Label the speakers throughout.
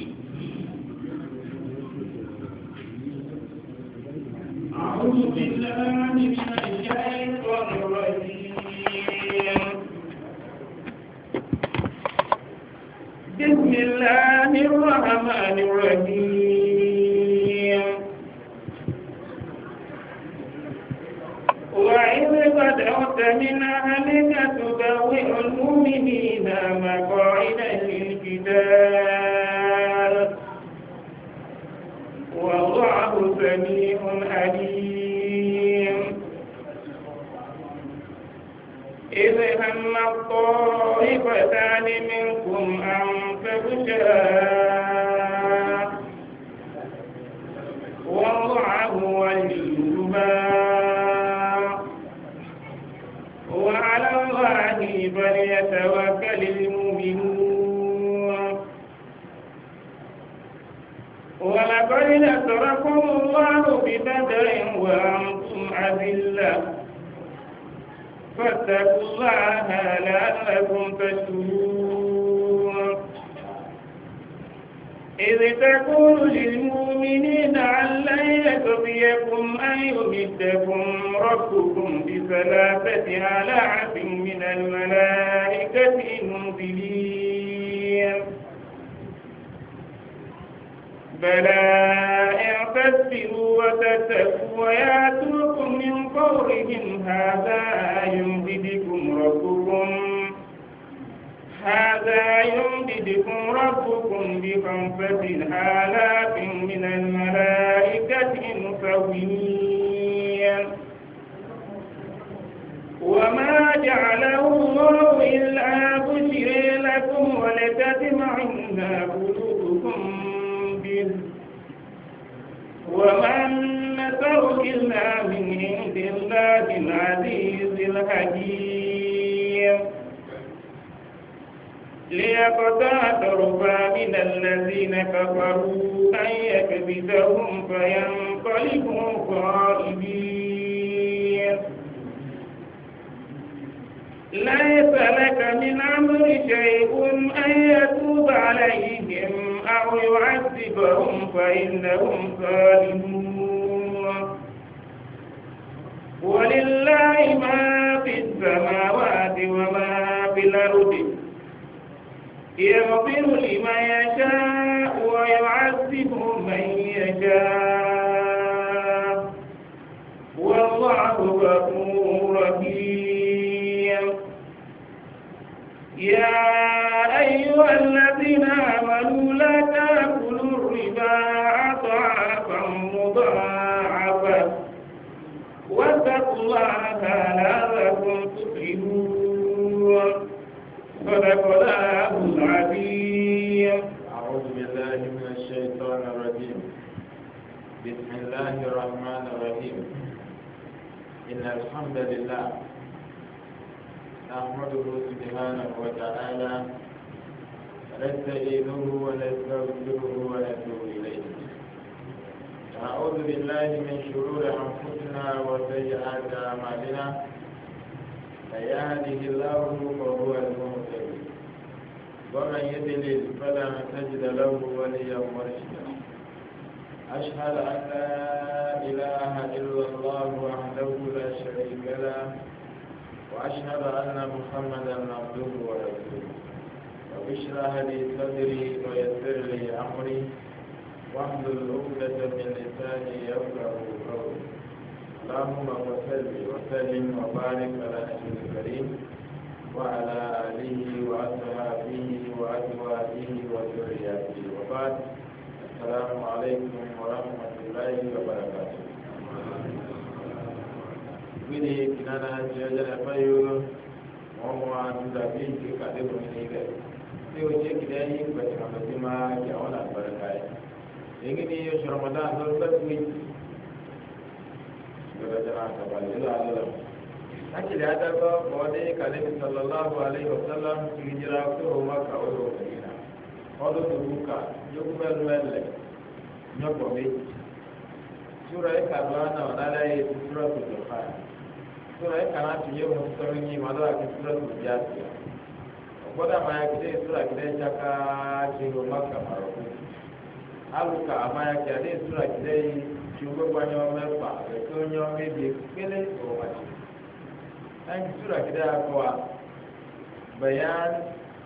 Speaker 1: بسم الله الرحمن الرحيم وإذ بدأت من أهلك تبوئ المؤمنين مقاعد للكتاب سميع أليم إذ هم الطائفتان منكم أن تفشلا بل أسركم الله ببدر وأنتم أذلة فاتقوا الله لعلكم تشكرون إذ تقول للمؤمنين أن لن يكفيكم أن يمدكم ربكم بثلاثة آلاف من الملائكة المنزلين فلا يعتذروا وتتقوا ويأتوكم من قولهم هذا يمددكم ربكم هذا يمددكم ربكم بخمسة آلاف من الملائكة مسومين
Speaker 2: وما جعله الله إلا بشر لكم ولتجمعن
Speaker 1: قلوبكم العزيز ومن نصر إلا من عند الله العزيز الحكيم ليقطع طرفا من الذين كفروا أن يكبتهم فينقلبوا خائبين ليس لك من أمر شيء أن يتوب عليهم أو يعذبهم فإنهم ظالمون ولله ما في السماوات وما في الأرض يغفر لمن يشاء ويعذب من يشاء والله غفور رحيم يا أيها الذين آمنوا لا تأكلوا الربا أضعافا مضاعفا واتقوا الله لعلكم تفلحون صدق الله العظيم أعوذ بالله من الشيطان الرجيم بسم الله الرحمن الرحيم إن الحمد لله نحمده سبحانه وتعالى نستعينه ونستغفره ونتوب إليه نعوذ بالله من شرور أنفسنا وسيئات أعمالنا من يهده الله فهو المهتد ومن يدلل فلا تجد له وليا مرشدا أشهد أن لا إله إلا الله وحده لا شريك له وأشهد أن محمدا عبده ورسوله رب اشرح لي صدري ويسر لي امري واحلل عقدة من لساني يفقه قولي اللهم صل وسلم وبارك على نبي الكريم وعلى آله وأصحابه وأزواجه وذرياته وبعد السلام عليكم ورحمة الله وبركاته wini kinana jẹjẹrẹ fayoro wọn wá nígbà bíi ìdíkàdé ní ilẹ̀. sai wace yi ba ta hamadi ma ya wani albarka ya yi gini ya shi ramadan don zafi daga jana ta ba da zuwa lura haki da ya daga ba wani kalimin sallallahu alaihi wasallam su yi jira ko maka wani wakilina wani dubuka ya kuma yi mele ya sura ya karuwa na wani alaye sura su jirfa sura ya kana tuye musu sauran yi ma za a sura koda ma ya kide sura kide chaka kiro maka maroku aluka ama ya kide kide chungo kwa mefa kwa nyoma bi o machi anyị sura kide akwa bayan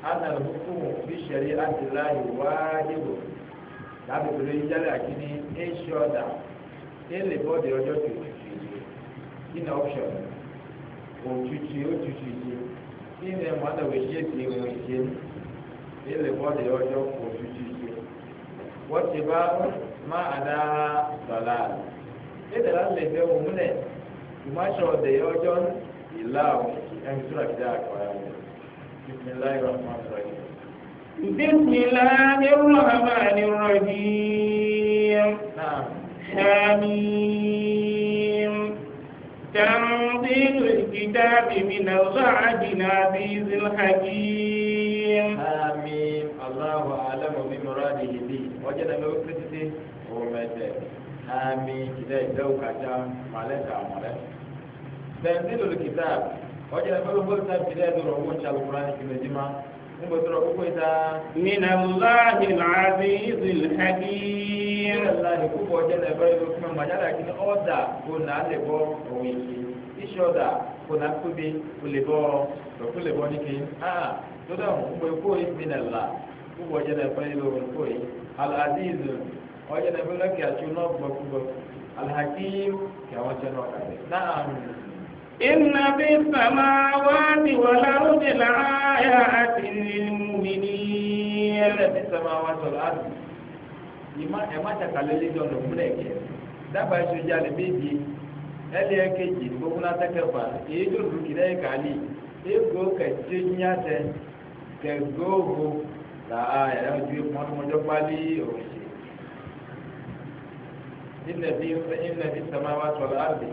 Speaker 1: ana al bi shari'ati llahi wajibu dabi tolo ijale akini ensure that ele body ojo tu tu ina option o tu tu o tu ilẹ̀ mọ́tò wíṣẹ́ ti rìn ṣe ilẹ̀ bọ́ọ̀lì ọjọ́ kò ti ṣe wọ́n ti bá má àdá sọ̀la ilẹ̀ láti lè fẹ́ òmùnẹ̀ ìmọ̀ṣọ́ ọ̀dẹ̀ ọjọ́ ìlà òun tó rà kíjà àkọ́yà rẹ̀ bisimilayi rahman rahim. bisimilayi rahman rahim. naam. hamim. تنزيل الكتاب من بعد العزيز الحكيم آمين الله أعلم بمراده به وجد موقفه ومدى آمين كده يدوك عشان مالك عمالك تنزيل الكتاب وجد موقفه كده يدوك عشان القرآن كده níbo tó rọ kókó ìta. nínú láàyè láàbí ìzìlẹ̀kí. ìrẹ̀ láàyè púpọ̀ jẹ́lẹ̀ bẹ́ẹ̀ ló fún ọmọ àjálà kí ni ọ̀dà kò náà lè bọ́ òun yìí iṣẹ́ ọ̀dà kò náà tóbi kò lè bọ́ kò lè bọ́ níkì. tó dáhùn pé kó ìpínlẹ̀ là púpọ̀ jẹ́lẹ̀ bẹ́ẹ̀ ló fún kó yìí. alaziz ọ̀jẹ̀lẹ̀ bẹ́ẹ̀ kí àwọn jẹ́ náà kàlẹ̀ náà إن في السماوات والأرض لآيات للمؤمنين في السماوات والأرض ìmá ẹ̀má tẹ̀kálẹ̀ lé dọ̀nà múlẹ̀ kẹ́ dábàá ìṣojú alẹ́ méje ẹlẹ́ kejì gbogbo látẹ́kẹ̀fà èyí tó dùn kìlẹ̀ ìkàlì égbò kẹ̀tẹ́ nyàtẹ̀ kẹ̀gbóhùn là ẹ̀rọ ju ìmọ̀lọ́mọdọ́ pálí òṣè ilẹ̀ bí sàmáwá sọ̀rọ̀ àbẹ̀.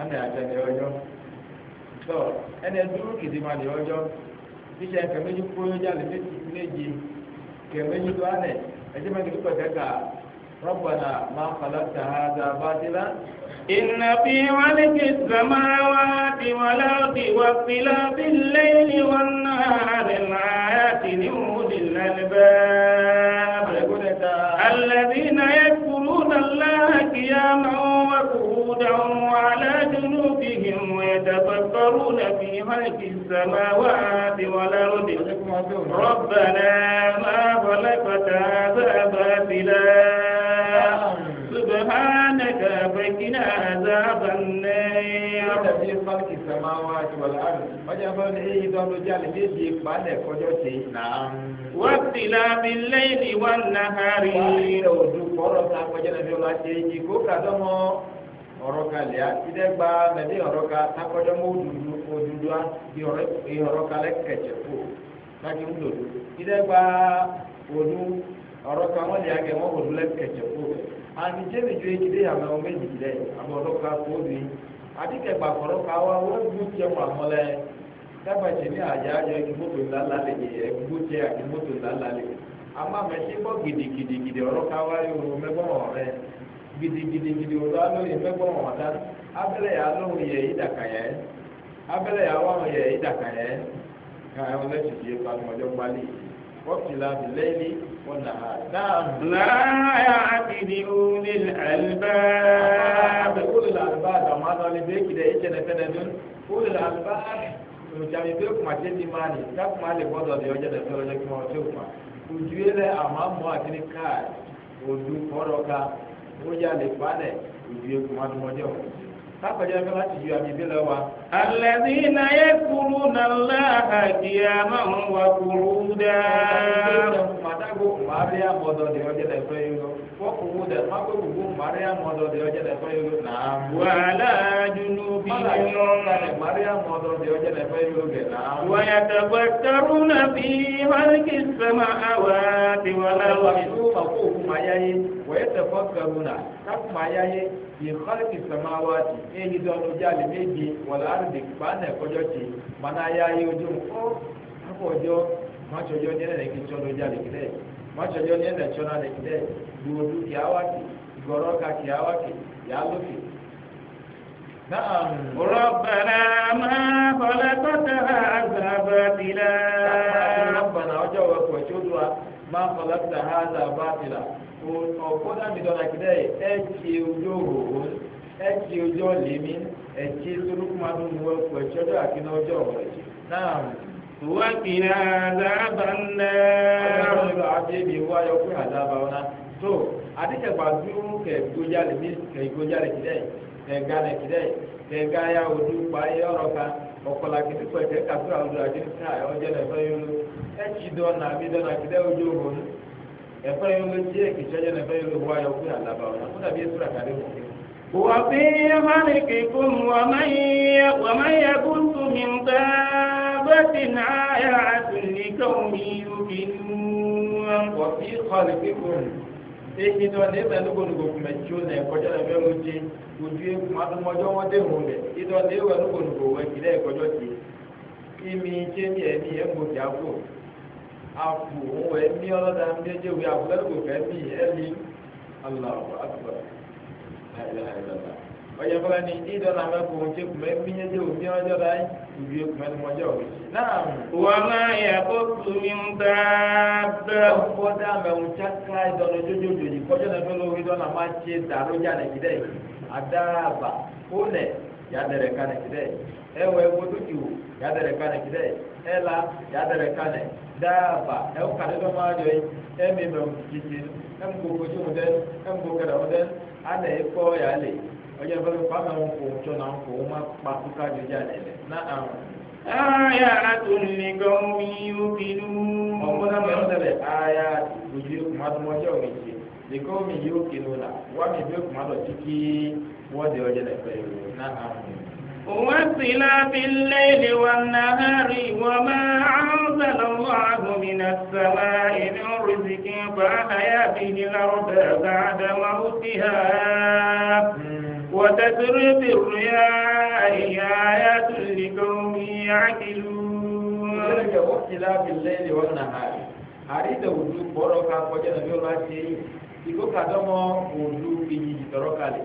Speaker 1: ana atani ɔdzɔ tɔ ɛnɛ duro kìdìmá ni ɔdzɔ titsa kɛmɛdzi kpɔyɔ dza le fi nedzi kɛmɛdzi do anɛ ɛdí ma kìdìmá kɛkɛ rɔbana ma kala taha da ba ti la. إن في ملك السماوات والأرض واختلاف الليل والنهار لآيات لأولي الألباب الذين يعلمون الله قياما وقعودا وعلى جنوبهم ويتفكرون في ملك السماوات والأرض ربنا ما خلقت هذا باطلا سبحانك فكنا عذاب النار fúlàdà bíi fáàkì sàmáwá àjùwàlá àrùn ọjà bá ní èyí tó ń lọ jáde méjì ìpàlẹ̀ kọjọ́ ṣe náà. wọ́n ti la mi lẹ́yìn ìwà nàhárí. wọ́n ti lọ òdu kọ́rọ̀ ta kọjá nàbí ọlá ṣe èyí kó kàdọ́mọ ọ̀rọ̀ kalẹ̀ àtidẹ́gba nàbí ọ̀rọ̀ ka takọjọ́mọ òdùdú ìhọ̀rọ̀ kalẹ̀ kẹ̀jẹ̀ fò láti ń lòdù ìdẹ́gba òdù ọ̀rọ̀ ka wọ́n lè fò àmì jẹ́mi ju ekele àmọ́ méjì àdìgẹ gbàgbọrọ ká wa wọn gbó tiẹ wọn àmọlẹ dábàjẹ ní àyà ayọ ẹkí mọtò ńláńlá lè yẹ ẹkí gbó tiẹ àti mọtò ńláńlá lè àmọ́ àmẹsẹ gbọ gidigidigidi ọ̀rọ̀ ká wa yòrò mẹgbọn ọrẹ gidigidigidi ọ̀rọ̀ alóye mẹgbọn ọdá abẹlẹ yà lóhùn yẹ ìdàkàyẹ abẹlẹ yà wà hùn yẹ ìdàkàyẹ ká ẹ wọn lẹsùn yẹ pàtó ọjọ́ gbalẹ yìí. واختلاف الليل والنهار نعم لا يعتدلوا للألباب أولي الألباب ما ظل بيك إذا إجنا سند أولي الألباب nùjàmí pé kùmà tẹ́ ti máa nì ká kùmà lè bọ́dọ̀ lè ọjọ́ dẹ̀fẹ́ ọjọ́ kí wọ́n tó kùmà ojú ilẹ̀ àmọ́ mọ́ àkíní káà odù kọ́rọ̀ ká ó yà lè pa nẹ̀ ojú ekùmà tó mọ́jọ́ kápẹ̀jẹ́ fẹ́ láti yọ àmì ìbílẹ̀ wa. àlẹ́sí iná yẹ kúrú nàlá àkìyà máa ń wà kúrú dáa. màdàgbò màrí àmọ́dọ̀ di ọjọ́ lẹ fẹ́ yọ. fọ́kùnrin dẹ̀ mákòkòkò màrí àmọ́dọ̀ di ọjọ́ lẹ fẹ́ yọ. wàhálà dunu bí yọ. màrí àmọ́dọ̀ di ọjọ́ lẹ fẹ́ yọ gẹ̀ náà. wàyà tàbá tarú na bí wàlíkì sẹ́mà àwà tiwọ́lá wà. ìlú màkòkò máyá yé wàyà tàbá kakuma ayaye bi xɔliki samawati eyi dɔɔni jaali meji wala ardi kpaana kɔjɔ tsi mana ayaye ojú o akɔjɔ matsɔjɔ nyɛ nana ki tsɔ do jaali kidɛ matsɔjɔ nyɛ nana tsɔ nana kidɛ duodu kia wati gɔrɔ ka kia wati yaalu ki. نعم ربنا ما خلقت هذا باطلا ربنا وجهك وجودها ما خلقت هذا باطلا ọ̀pọ̀dà mi dọ̀là kìdá yìí ẹ̀tì ojú òhòhò ẹ̀tì ojú ọ̀lẹ́mí ẹ̀tì torúkúmadù ni wọ́n pẹ̀ ṣọ́jọ́ àkínú ọjọ́ na náà. wákìlá àdábà ńlá. ọlọ́run ló adé fún àdábà tó dúró kìdá yìí ya ojú pa ẹ̀yọ́ ọ̀rọ̀ kan ọ̀kọ̀lá kìdí pẹ̀tẹ́ kàtúrà ojú àjẹsíà ẹ̀fọ́ yẹn ló jẹ́ ìkìjọ́jọ́ náà ẹ̀fọ́ yẹn ló wáyọ̀ fún àlàbà ọ̀nà kó dàbí ẹ̀sùn àkàdé wọ̀. وفي خلقكم ومن ومن يبث من دابة آيات لقوم يؤمنون وفي خلقكم èyí tó ní ìbẹ̀rù gbòǹgbò mẹ̀tìó náà ẹ̀kọ́jọ́ náà fẹ́ẹ́ lóde ojú egun adúmọ́jọ́ wọn dé hùn lẹ̀ ìdọ̀ ní ìwẹ̀rù gbòǹgbò wọn kì í lẹ́ẹ̀kọ́jọ́ ti ìmì ìjẹ́mi ẹ̀mí ẹ̀mọ́jà fò afu òun wẹ̀ mí ọlọ́dà ń bí ẹjẹ́ wí àbúlẹ́rù kò fẹ́ mí ẹ̀mí aláwọ̀ àtúbọ̀ láìláìlọ́dà ọ̀yẹ́ fọlá ni ìdọ́nà mẹ́kọ̀ọ́ ohun tí kò mẹ́ mí ẹjẹ́ wò mí ọjọ́ dá ìwé kò mẹ́ni mọ́jọ́ wò. náà wọ́n máa yẹ kó tumi ń bá bẹ́ẹ̀. ọkọ dá mẹ́wọ̀n chaka ìdọ́nà jójójò yìí kọjọ́ náà fẹ́lẹ́ orí dọ́nà máa ṣe dàrújà nàìjíríà yìí àdáàbà ó nẹ̀ nàìjíríà daaba ɛwɔ kadi dɔ maa yɔ yi ɛmi mɛ titi ɛmu gbogbo tsi mu dɛ ɛmu gbogbo kɛlɛ mu dɛ ana yi kɔ ya le ɔyɛ fɛn kpa mɛ ŋu tsɔ na ma kpa ka dza lɛ na aya gɔmu yi o kinu. mɛ lɛ aya kuma tó o yi o kinu la wa mi bi kuma titi ɔyɛ na والصلاة الليل والنهار وما أنزل الله من السماء من رزق فأحيا به الأرض بعد موتها وتسرب الرياء آيات لقوم يعقلون. ذلك واختلاف الليل والنهار. àrídà òdu bọ́rọ̀ ká kọjá nàbí ọlọ́ àti ẹ̀yìn ìgbókàdọ́mọ òdu ìyìn ìtọ́rọ́kalẹ̀.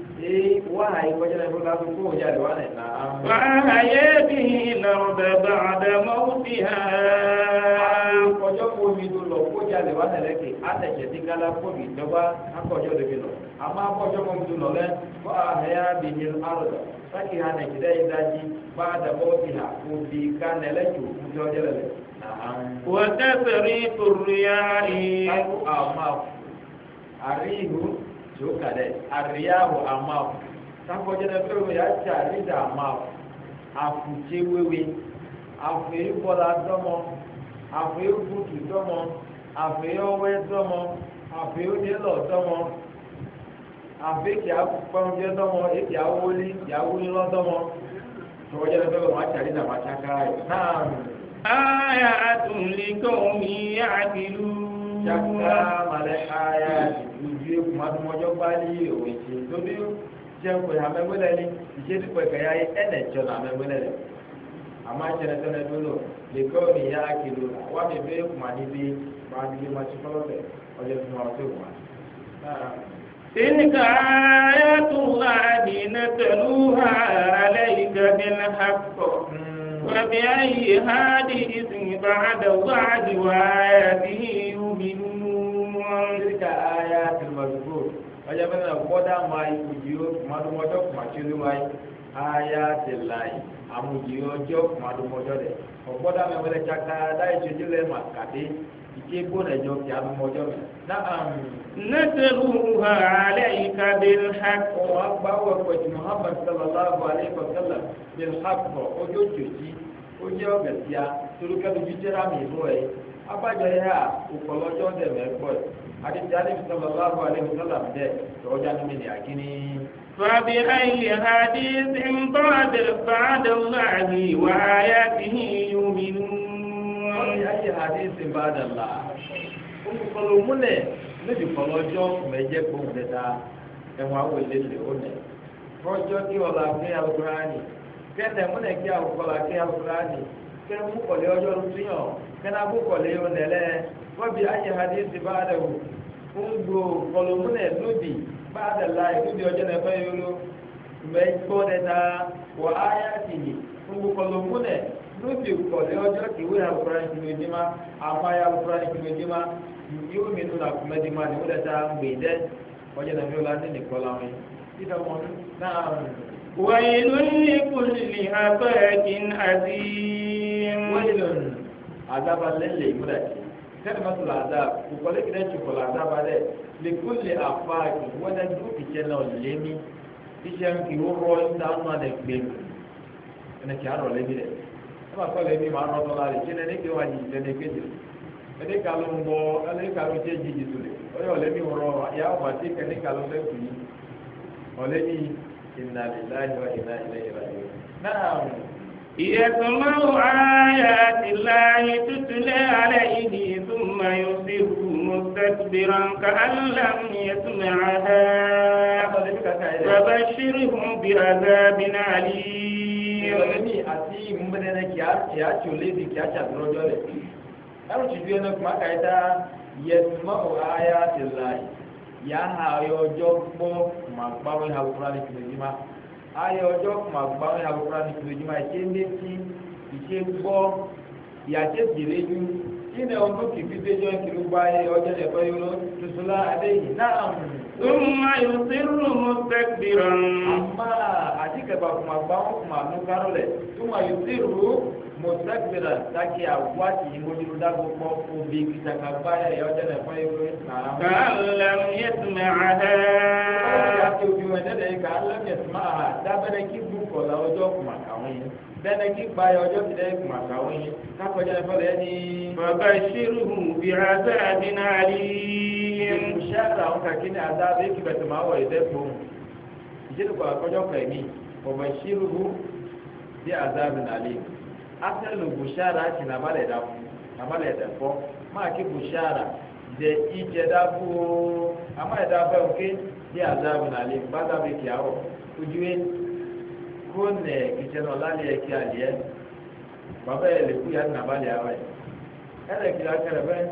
Speaker 1: وأحيا به الأرض بعد موتها akọjọ kó omi tó lọ kójà lè wá tẹ́lẹ̀ kí atẹsẹ ti kala kó omi dọgba akọjọ lè fi lọ àmọ́ akọjọ kó omi tó lọ lẹ kó ahẹ́yà bi di ká nẹlẹ̀ tó kú tí ọjọ́ lẹ̀ lẹ̀. wọ́n tẹ́sẹ̀ rí torí yára rí. kákó àwọn àríhù tí ó kàlẹ̀ àríyáwó àmàwò sáfọ́jẹ́lẹ́ fẹ́ràn yà ti àrídà àmàwò àfùjẹ wéwé àfùyé bọ́lá dọ́mọ àfùyé bùtù dọ́mọ àfùyé ọwẹ́ dọ́mọ àfùyé onílọ̀ dọ́mọ àfùyé kìá pọ́njẹ dọ́mọ èkì awolí kìá wúlí lọ́ dọ́mọ sáfọ́jẹ́lẹ́ fẹ́ràn wà ti àrídà àmàtsáká yìí náà. ayà àtúnlẹ̀ kọ́ mi yà ṣàkóso màlẹ́hàyà ìdúró kumadumọ́jọ́ gbáli òwe ṣe lóbi jẹ́kọ̀ọ́ amẹ́gbẹ́lẹ́ ni ìṣèdúpọ̀ ìkẹyà yìí ẹ̀nẹ̀ jọ nà amẹ́gbẹ́lẹ́ rẹ̀ àmọ́ àṣẹrẹ tẹ́lẹ̀ dúró lẹ́kọ́ ni yá kìlọ̀ wà mí bẹ́ẹ̀ bi níbi máa níbi máa ti fọlọ́fẹ̀ ọjọ́ tó máa tó kùmà. تلك آيات الله نتلوها عليك بالحق فبأي هذه بعد الوعد وآياته يؤمنون تلك آيات المذكور فجمعنا قدا ما يكجيو مدمجو مجلو ما آيات الله amujiyɔjɔ kumadumɔjɔ dɛ ɔgbɔdɔ amɛ wɛrɛ tsaka da etsetsele ma kadi ìdí egbó rẹ̀ jọ kí alùmọ̀jọ́ mi. Nẹ́sẹ̀rúhà alẹ́ ìka bẹ́ẹ̀ hàkọ́. Wọ́n gbá wọ pẹ̀lú Muhammad sallallahu alayhi wa sallam bẹ́ẹ̀ hàkọ́ ojú òjòjì ojú ọ̀gẹ̀síà torí kẹ́lu jíjẹ́ra mi ìlú ẹ̀. Abájọ yẹn a òkòlọ́jọ́ dẹ̀mẹ̀ pọ̀ ẹ̀. Adéjì alẹ́bi sallallahu alayhi wa sallam dẹ̀ tọ́jà ní mi ní àkíní. Fàbí ayé hadith ń tọ́ àdèrè fàdé láàrin wàhálà tìhín yóò mi nù. ayi hadisi bada la olùkọlù múlẹ̀ níbi kọlọ́jọ́ mẹ́jẹ́ kó mẹ́ta ẹ̀wọ̀n awolé lè ọ̀nà kọjọ́ kí ọ̀la kí alukurani kẹ́tẹ̀ múlẹ̀ kí alukọ̀la kí alukurani kẹ́ mú ayi la lóṣù kọ̀lẹ́ ọjọ́ ìwé àlùkòrò ìjùmọ̀jìmá àfáyà àlùkòrò ìjùmọ̀jìmá yóò mi nù làkùnmẹ́jìmá ni wọ́n ta ń gbè dẹ́ ọjọ́ ìdàgbé ọ̀la ní nìkọ́lá wọn. títà mọ́ náà. wàyí lónìí kò lè abẹ́rẹ́ kí n àti. wàyí lónìí àdába lẹ́lẹ̀ ìmúdà sẹ́ni mọ́tò làdá kòkòlẹ́ kìlẹ̀ tìkọ̀ làdá balẹ̀ lè kó lè àfa ìwọ́dà dúró kìjẹ́ náà lémi iṣẹ́ ń kì í rọ́ ìdáná rẹ̀ gbẹ̀mí ẹnì kí á rọ̀ lébi rẹ̀ ɛma kɔlɛ mi ma nɔtɔ la yi tsi ne neke wa dzidzi ne ke dzi ɛdi kalu ŋgɔ ɛdi kalu tse dzidzi tu le ɔyɛ ɔlɛ mi wrɔ ya wa ti kɛ ɛdi kalu lɛ tu yi ɔlɛ mi ina li la yi wa ina yi la yi la yi naa. يسمع آيات الله تتلى عليه ثم يصير مستكبرا كأن لم يسمعها فبشرهم بعذاب أليم ọ̀rẹ́ ní àti ìmúmẹ́lẹ́lẹ́ kì á kì á tì ó lébi kì á rẹ̀ ẹrù tìjú ẹnu kùmá kàyíta yẹtùmọ́ ọ̀háyà ti láàyè yà á ha ayọ̀ ọjọ́ gbọ́ mà gbáwé ha kúrò ní kìlójúmá ayọ̀ ọjọ́ mà gbáwé ha kúrò ní kìlójúmá létí ìṣe gbọ́ tìrẹ́jú kí ni ọdún ọjọ́ Súnmọ́ yòókìrù mọ́tẹ́kìrọ̀. Àmà àdìgẹ̀bà kùmà gbà wọ́n kùmà nù kárọ̀lẹ̀. Súnmọ́ yòókìrù mọ́tẹ́kìrọ̀ dákì àwọn àti ìmọ̀jìlú dágbò pọ̀ òbí kìtàkà báyà ẹ̀yọ́ tẹ́lẹ̀ fún ẹgbẹ́ ìsìnkà. Kàlẹ́ yẹ tùmẹ̀ àhẹ́. Kàlẹ́ yẹ tùmẹ̀ àhẹ́ dábẹ́rẹ́ kí gbùkọ̀ la ọjọ́ kùmà kàwọn yẹn bẹ́ẹ̀ kí gba ọjọ́ ti dẹ́ kùmà kàwọn yẹn kákọjá ẹ̀fọ́ lẹ́ni. Bàbá ìṣirò bí mushaka onka kini adhabu hiki batamawa idepo ijiru kwa kojoka imi wabashiruhu bi adhabin alim asalu bushara ati nabale dafu nabale dafo ma ki bushara de ije dafu ama dafu onke bi adhabin alim bada bi kiao ujue kone kicheno lali e e. ya kialie baba ya likuya nabale awe ele kila kere bene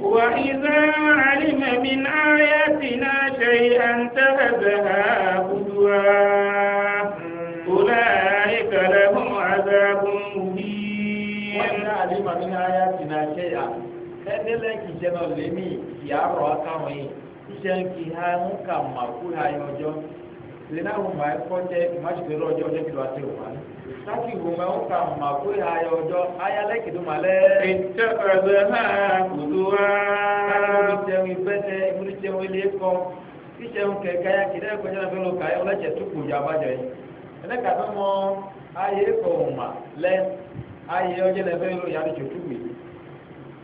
Speaker 1: وإذا علم من آياتنا شيئا تهزها هدوا أولئك لهم عذاب مهين وإذا علم من آياتنا شيئا kẹ́tẹ́lẹ́ kì í ṣe náà lémi ìyá rọ̀ ọ́ yìí iṣẹ́ ń kí ha kà máa kú ha yọjọ́ lena wòmà ɛkɔtɛ machike lɛ ɔdzɔ ɔdzɔ kele ati wòmà taki wòmà wòka mà kó ya yɔ ɔdzɔ ayalɛ kedo ma lɛ. ìtẹ ɛgbɛ hã kudu wa. ayɔ ìtẹ̀wé pɛtɛ ìmúlí tẹ̀wé lé kɔ ìtẹ̀wé kẹkẹ ya kìdá ɛkɔtɛ náà fẹ́ lọ kàyọ lẹ́tsẹ̀ tó kpòdì abadzɔ yi ɛnɛ kàtó mɔ ayé kɔ wòmà lɛ ayé ɔdzɔ lɛ fẹ́ lọ yàrá tso tó wòye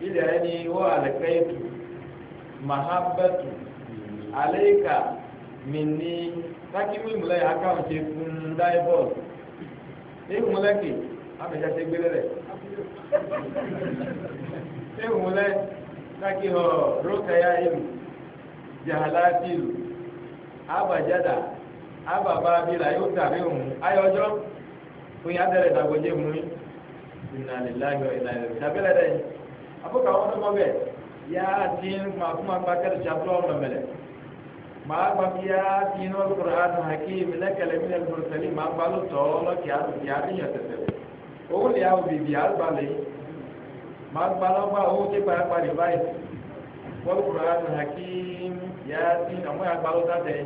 Speaker 1: ilé ayé ni wò alẹ tu mahabatu aleka mini. sákì mílíọ̀nù lẹ́yìn akáwọn ṣe fún dáì bọ́ọ̀lù ewu mọlẹ ke amẹja ṣe gbélé rẹ ewu mọlẹ sákì họ rókàyà ìlú jahala abajada ababa yóò tàbí òun ayọjọ fún yà dẹrẹ dàgbọjẹ mú ìnàlélàyọ ìnàlélàyọ tàbílẹ dẹ abúkà wọn ti máa gba bí a e ti iná lókùrọ̀ àti hakim lẹ́kẹ̀lẹ́ mi lẹ́nu sẹ́lẹ̀ máa gba ló tọ́ lọ́kì àti àdéhùn tẹ̀tẹ̀ owó lè àwọn bèbí àgbàlẹ̀ máa gba lọ́gbà owó tí gbà parí báyìí lókùrọ̀ àti hakim yá sí àwọn àgbà ló dàtẹ̀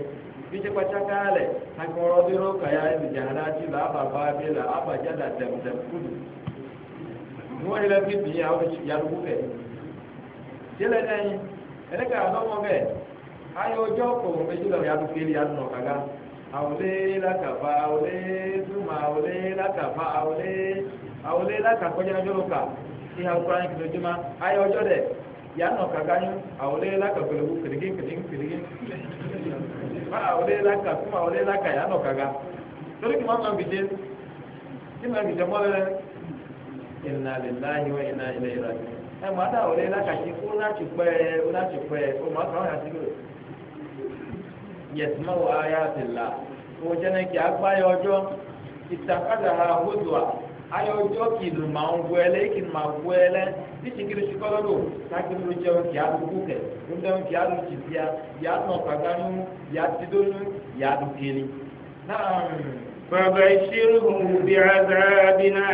Speaker 1: bí tí pàṣẹ káàlẹ̀ akọ̀rọ̀ dúró kàyà ìdìjà náà ti là àbàbà bí là àbàjá là tẹ̀mùtẹ̀m kúdù wọ́n ilẹ̀ bíbí àwọn ìyàlú bẹ̀ ayo joko mejula ya dufili ya no kaga awle la kafa awle tuma awle la kafa awle awle la ka koja na joloka ti ha kwa ni juma ayo jode ya no kaga ni awle la ka kulu kirigin kirigin kirigin ba awle la ka kuma awle la ka ya no kaga tori kuma ma bidin kima bi jamala inna lillahi wa inna ilaihi raji'un ẹ mọ adáwọlé lákàtí kó láti pẹ ó láti pẹ ó mọ àkàwọn àti gbèrò yẹtùmọ̀wò ayatollah òjẹ́nẹ́kì agbáyé ọjọ́ ìtàkàdà ha hódùá ayé ọjọ́ kìlù máa ń wẹ́lẹ́ kìlù máa wẹ́lẹ́ bí tìkìlì sukọ́lọ́dọ̀ kákìlì jẹun kì á dùkú kẹ̀ ńdẹ́wọ̀n kì á lù tì bíà kì á nà kàgánú kì á ti dónú kì á dùkìlì. فبشرهم بعذاب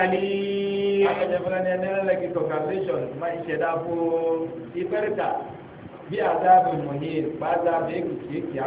Speaker 1: أليم. أنا جبران أنا لك تكاليشون ما يشدافو إبرتا بعذاب مهين بعذاب يكشيك يا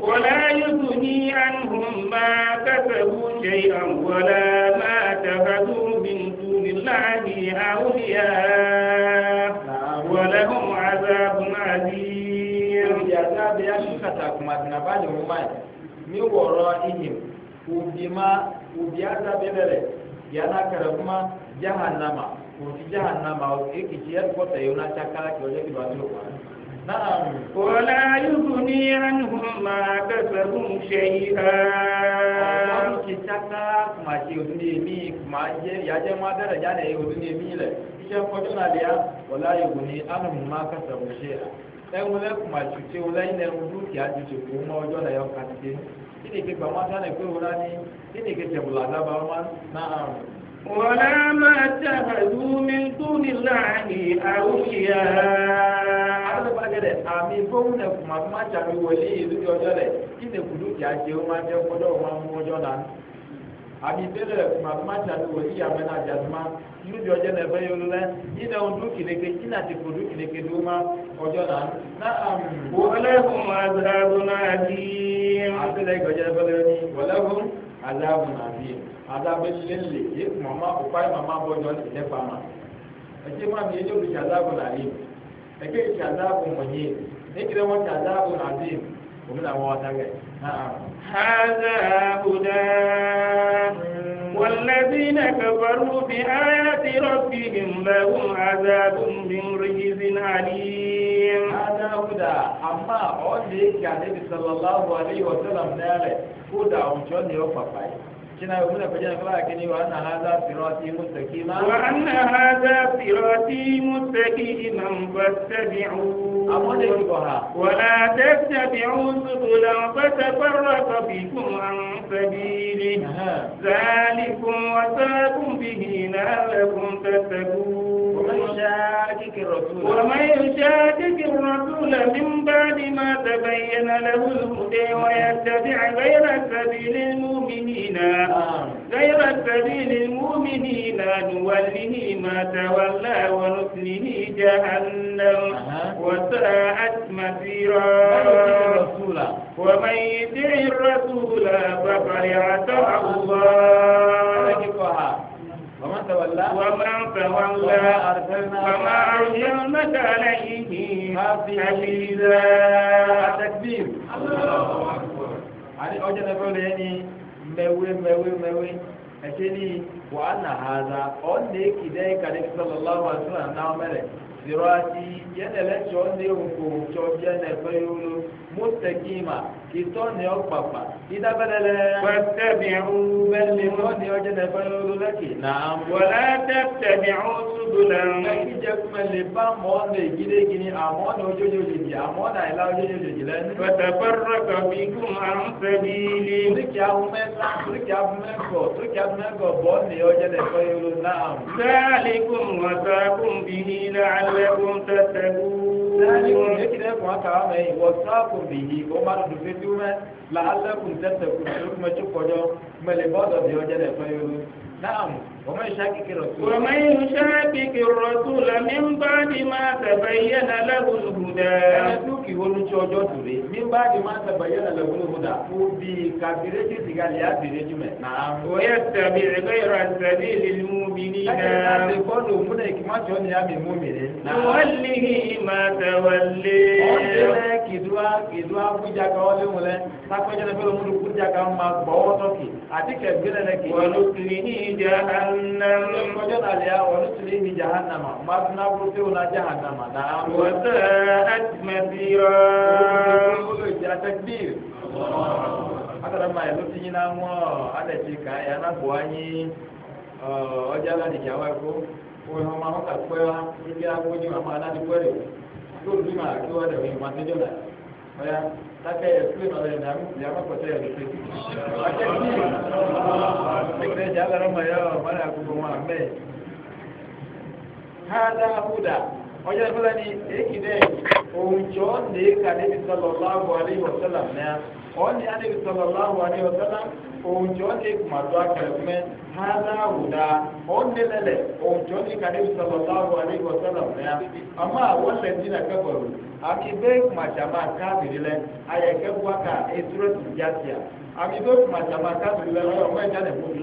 Speaker 1: ولا يغني عنهم ما كسبوا شيئا ولا ما اتخذوا من دون الله أولياء ولهم عذاب عظيم يعذاب يشكتكم أذنبان هما من ورائهم وبما وبيعذاب ذلك yana kara kuma jahannama ko jahannama ko ikiti yar kota yau na takala ke wajen ibadu ko Wọ́lá yóò ní àánú máa kẹsẹ̀ fún ṣe ìhà. Àwọn ti ṣáká kùmà ṣe òtún ní èmi kùmà jẹ́ ìyájẹ́ máa dára jáde òtún ní èmi lẹ̀. Iṣẹ́ fọjọ́ náà lè yá. Wọ́lá yóò ní àánú máa kẹsẹ̀ fún ṣe ìhà. Ẹ̀wọ̀n lẹ́kùn màṣù tí o lẹ́yìn lẹ́nu dúkìá ti ṣòfò mọ́ ọjọ́ náà kàdìdé. Kí ni ìgbẹ́ pàmò àtàlẹ̀ pé wọ́n rá ní? Kí ni ìgbẹ́ tẹ̀bùlà dábàá máa ń ولا ما اتخذوا من دون الله أولياء alẹ́bàdẹ́rẹ́ àmì fóun ẹ̀kú màmú àjàmì wọlé ìlú ọjọ́ rẹ̀ kí ni kùdú kìá jẹ́ ó máa jẹ́ kọ́dọ̀ ó máa mú ọjọ́ náà àmì ìbéèrè ẹ̀kú màmú àjàmì wọlé ìyàmẹ́ náà jàdùmá ìlú di ọjọ́ náà bẹ́ẹ̀ yọlọ́lẹ́ nínú ẹ̀hún dúró kìlẹ̀kẹ́ kí náà ti kùdú kìlẹ̀kẹ́ ló máa ọjọ́ náà. wọlé fún àgbàdo náà kí. àbẹ̀lẹ̀ ìgbàjẹ́ azabu nabi azabu lele ye mama ha mama bojo ne fama ake ma mi yejo bi azabu nabi ake ki azabu monye ne kire mo ki azabu nabi o mi na wa ta ga هذا هدى والذين كفروا بآيات ربهم لهم عذاب من رجز yin ana huda amma wanda yake annabi sallallahu alaihi wa sallam nare ko da wancan ne ya kina yi muna kala kini wa anna hadha sirati mustaqima wa anna hadha sirati mustaqiman fattabi'u amma ne ki ba wa la tattabi'u subula fatafarraqa bikum an sabili zalikum wasaqum bihi la'allakum tattaqun ومن يشاكك الرسول من بعد ما تبين له الهدى ويتبع غير سبيل المؤمنين نعم. غير سبيل المؤمنين نوله ما تولى ونسله جهنم وساءت مسيرا ومن يطع الرسول فقد اعتبر الله ومن تولى ومن تولى فما أرسلناك عليه حفيظا التكبير الله أكبر علي أوجد أقول يعني موي موي موي أشيني وأن هذا أنك إذا كان صلى الله عليه وسلم نعم sirati yana lati wanda ya hukumce wajen na fayolo mutakima ìtọ́ni ọ̀pàpà ìdábẹ́lẹ́lẹ́. wẹ́tẹ́bi ọ̀hún. bẹ́ẹ̀ni ìtọ́ni ọjọ́ náà fẹ́ lọ́lọ́ lẹ́kì. náà wọlé tẹ́tẹ̀bi ọ̀hún ṣubú lẹ́nu. lẹ́kì jẹ́ kúmẹ̀ lè bá mọ́ ní ìgídégi ni àmọ́ ní ojójójòjì àmọ́ ní àìlá ojójójòjì lẹ́nu. pẹ̀tẹ̀pẹ̀rẹ̀ kàbí kún àrùn tẹ̀bi ilé. tíríkì abúmẹ́sà tíríkì abúmẹ́gọ̀ tíríkì abúmẹ́gọ̀ bọ́ ní ọjọ́ náà fẹ́ ذلكم يكنكم أكرامه وصاكم به وما تدفتم لعلكم تتقون لكم تشكرون ملبوطة بيوجد فيولو نعم ومن يشاكك الرسول ومن يشاكك الرسول من بعد ما تبين له الهدى ẹnudúkì olùtí ọjọ́ ture nígbà tí máa tẹ̀bẹ̀yẹ lẹ̀ lẹ́wọ́n lọ́dà ó bí kàbírẹ́tì ti gàlẹ́ àbẹ̀rẹ̀ jùmẹ̀. òye tẹ̀bi ẹgbẹ́ ìrọ̀ àtẹ̀lẹ́ ìlú mi ní iná. ẹ ẹ ti kọ́ ló múnà kí má jọ ní àmì mú mi rẹ̀. wọ́n lè má tẹ̀wálé. ọ̀sẹ̀ kìdúrà kìdúrà kújà kan wọ́n lé wọn lẹ́ sákòjẹ́ lẹ́fẹ́ lọ́mọdún kújà kan máa gbọ́ wọ́tọ̀ kì àti kẹ̀gbẹ́ lẹ́lẹ́ kì. wọ́n ló ti ní ìjà جهنم وجد عليها ونسليه جهنم ما تنابرسي ولا جهنم نعم وساءت تكبير ma ẹlò tí nyiná mọ alẹtí ká ẹ anagbo ọ̀yà ya, ẹ̀sùn ya ìyàmọ̀ pọ̀tẹ́ ẹ̀sùn ya tí ẹ̀sùn ya lọ́rọ̀ mọ̀ yọ ọ̀mọ́ra gbogbo wọn àmẹ́ hádà húdà ọjọ́ ìfúnlẹ̀ ni èkì dẹ́ òòjọ́ nìka níbi sọlọ́láhùn aléwọ̀sálà mẹ́a ọ̀ọ́ni alébi sọlọ́láhùn aléwọ̀sálà òòjọ́ ní kùmàdó akẹ́lẹ́fẹ́ hádà wùdá ọ̀ọ́ni lẹ́lẹ̀ òòjọ́ nìka níbi sọlọ́láhùn aléwọ̀sálà mẹ́a àmọ́ àwọn lẹ́ndín akẹ́kọ̀ọ́ àkìbẹ́ kùmàjàmá káàbìrì lẹ́ ayẹ̀kẹ́ wákà ètúrẹ́sì jáde à àkìbẹ́ kùmàjàmá káàbìrì lẹ́ ọ̀ọ́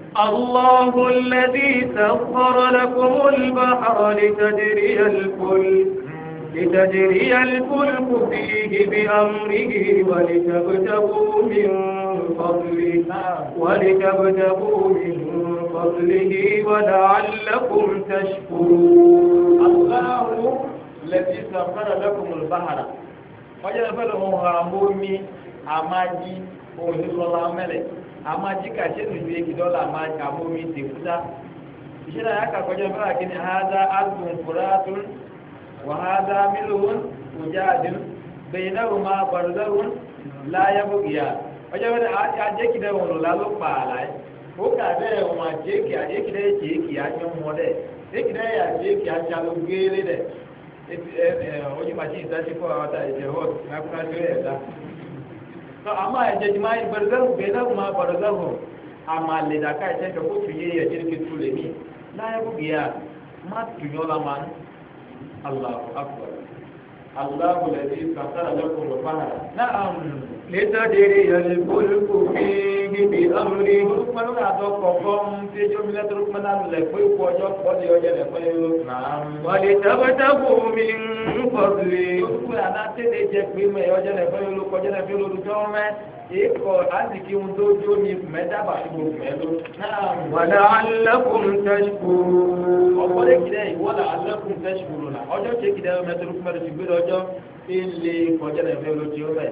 Speaker 1: الله الذي سخر لكم البحر لتجري الفلك لتجري الفلك فيه بأمره ولتبتغوا من فضله ولتبتغوا من فضله ولعلكم تشكرون الله الذي سخر لكم البحر فجعل له غرامي أماجي وهي الله ملك amma jika ce da juye ki dole amma kamo mi te kusa shi da haka kwajen fara kini haza albun furatun wa haza milhun ujadin bainahuma barzahun la yabghiya kwajen fara a je ki da wani lalo pala ko ka da ma je ki a je ki da je ki a jin mo de je ki da ya je ki a jalo gele de ojú ẹ̀ dá So ama ya je jima'i barzahu bainahu ma barzahu amma le da ka sai ko kuce ye ya jirki tule ni na ya bu bugiya ma la man Allahu akbar Allahu ladhi fatara lakum al-fahra na'am لتدري الفلك فيه بأمره rúkúmọ́nù àtọ́ kọ̀ọ̀kọ́ ń fi jó mi lẹ́tọ́ rúkúmọ́nù lẹ̀ pé kú ọjọ́ pọ́lì ọjọ́ lẹ̀ pé o. wọ́n tẹ́wọ́tẹ́wọ́ mi ń pọ̀lì. rúkúmọ́ àná tẹ́lẹ̀ jẹ́ pé mẹ́ ọjọ́ lẹ̀ pé olùkọ́ ọjọ́ lẹ̀ pé olùjọ́ rẹ́ ikọ̀ àtìkí ń tó jó mi mẹ́tàbà tí mo fẹ́ ló. wàlá alẹ́kùn tẹ́sùkúrú. ọ̀pọ̀ lẹ́kìdẹ́ ìwọ́lá alẹ́kùn tẹ́sùkúrú la ọjọ́ tẹ́kìdẹ́ mẹ́tọ́ rúkúmọ́nù ti gbé lọ́jọ́ ilé kọjá lẹ́fẹ́ ló ti ó bẹ̀.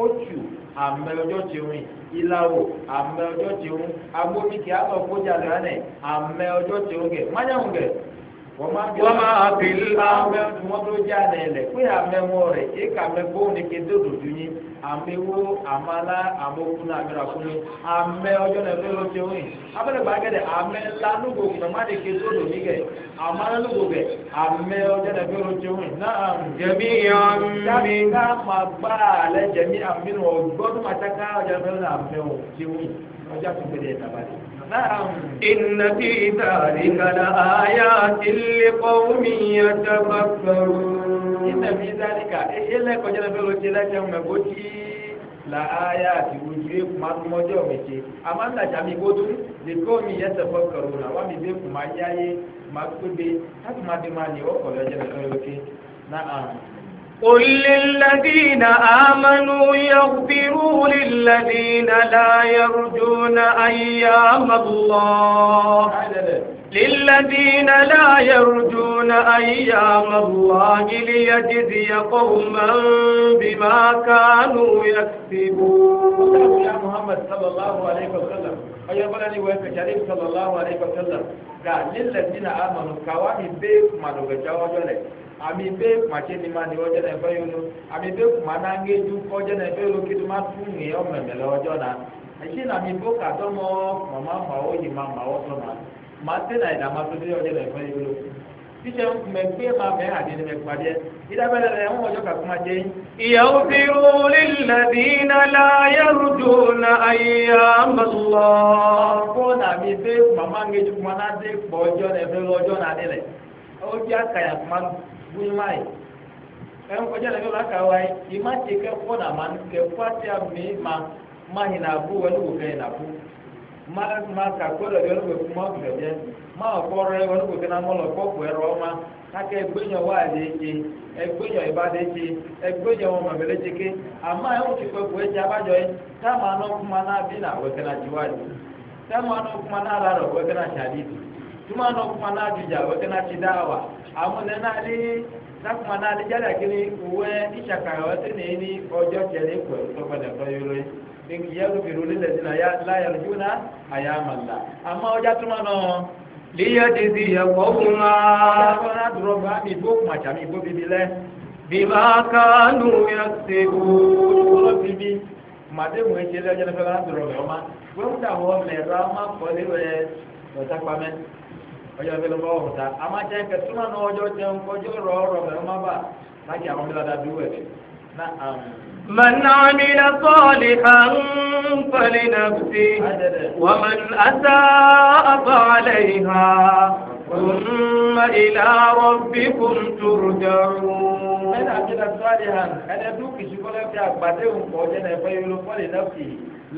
Speaker 1: otu ame ọjọ́ ti rìn ìlàwọ̀ ame ọjọ́ ti rún agbómi kìí àtọ̀ kójà lánàá ame ọjọ́ ti rún gẹ̀ mányàwùn gẹ̀ wọ́n máa bí láàmú wọn tó jáde lẹ̀ pé àmẹ́wọ́ rẹ̀ ṣé kàmẹ́gbó ni kí n tó dòdò yín àmẹ́wó àmàlà àmọ́kùnrin àmìràkùnrin àmẹ́ ọjọ́ náà ló ló ṣe wọ́n yìí abẹ́lẹ́gbà gẹ́dẹ̀ àmẹ́ ńlá lóko mẹ́má ni kí n tó dòdò yín kẹ́ àmàlà lóko bẹ̀ àmẹ́ ọjọ́ náà ló ló ṣe wọ́n yìí náà jẹ̀mí àmì ká إن في ذلك لآيات لقوم يتفكرون إن في ذلك إلا كجنا بلوتي لك يوم بوتي laaya ti wujure kuma tumɔjɔ meje ama n lajà mi gbódú lèkó mi yẹ sẹfọ kẹrù la wà mí bẹ kuma yáyé kuma gbégbé láti má dé má ní ọkọ lọjọ lọkẹ náà. قل للذين آمنوا يغفروا للذين لا يرجون أيام الله للذين لا يرجون أيام الله ليجزي قوما بما كانوا يكسبون يا محمد صلى الله عليه وسلم أي بلني ويك كريم صلى الله عليه وسلم قال للذين آمنوا كواهي بيك ما نغجاوا جلك ami pe kpatsi ni ma ni ɔdze na ɛfɛ yɔ no ami pe kuma na ŋe du kɔdze na ɛfɛ yɔ kidu ma tu ŋe ɔmɛmɛ lɛ ɔdzɔ na etsi na mi bo katɔ mɔ mama ma wo yi ma ma wo tɔ ma ma te na ɛda ma to de ɔdze na ɛfɛ yɔ no titɛ mɛ pe ma mɛ adi ni mɛ kpa deɛ idabɛ lɛ lɛ ŋun ɔdzɔ ka kuma dze. يغفر للذين لا يرجون أيام الله. Kọ́nà mi pé ń gbé ju kumana wíwáì ẹ ń na lẹ́gbẹ̀ẹ́ láka wáyé ìmáṣe kẹ́kọ̀ọ́ ma máa ń kẹ́kọ̀ọ́ àti àmì máa máa yìnà àbú ẹlòwò ma náà fún máa kà ma bí ẹlòwò fún máa bìrẹ̀ jẹ́ máa kọ́ rẹ ẹlòwò kẹ́ná mọ́lọ̀ kọ́kù ẹ̀rọ ọmọ kákẹ́ ẹgbẹ́yàn wá àdéjì ẹgbẹ́yàn ìbádéjì ẹgbẹ́yàn ọmọ mẹ́lẹ́jì ké àmọ́ ẹ̀ tuma na kuma na dija wata na ci dawa amu na na ali na kuma na ali jada kini uwe ishaka wata ne ni ojo jere ko to fa da to yoro din ya ru bi rulil ladina ya la yarjuna ayamalla amma oja tuma no liya dizi ya ko kuma na duro ba mi bo kuma cha mi bo bibile bima kanu yaksebu rabbi màdé mò ń ṣe lẹ́jọ́ ní fẹ́ bá dùrọ̀ mẹ́wọ́n má wọ́n dà wọ́ mẹ́rọ má kọ́lé rẹ̀ lọ́tàpamẹ́ ọjọ́ fẹ́ lọ́wọ́ ọ̀hún ta àmọ́ ajá ń kẹ́ súnmọ́ náà ọjọ́ jẹun kọjú ọ̀rọ̀ ọ̀rọ̀ bẹ̀rẹ̀ má bà má jẹ́ àwọn mílíọ̀dá dúró ẹ̀ من عمل صالحا فلنفسه ومن أساء فعليها ثم إلى ربكم ترجعون. من عمل صالحا أنا دوكي شكولا في أكباتهم فوجنا فيولو فلنفسه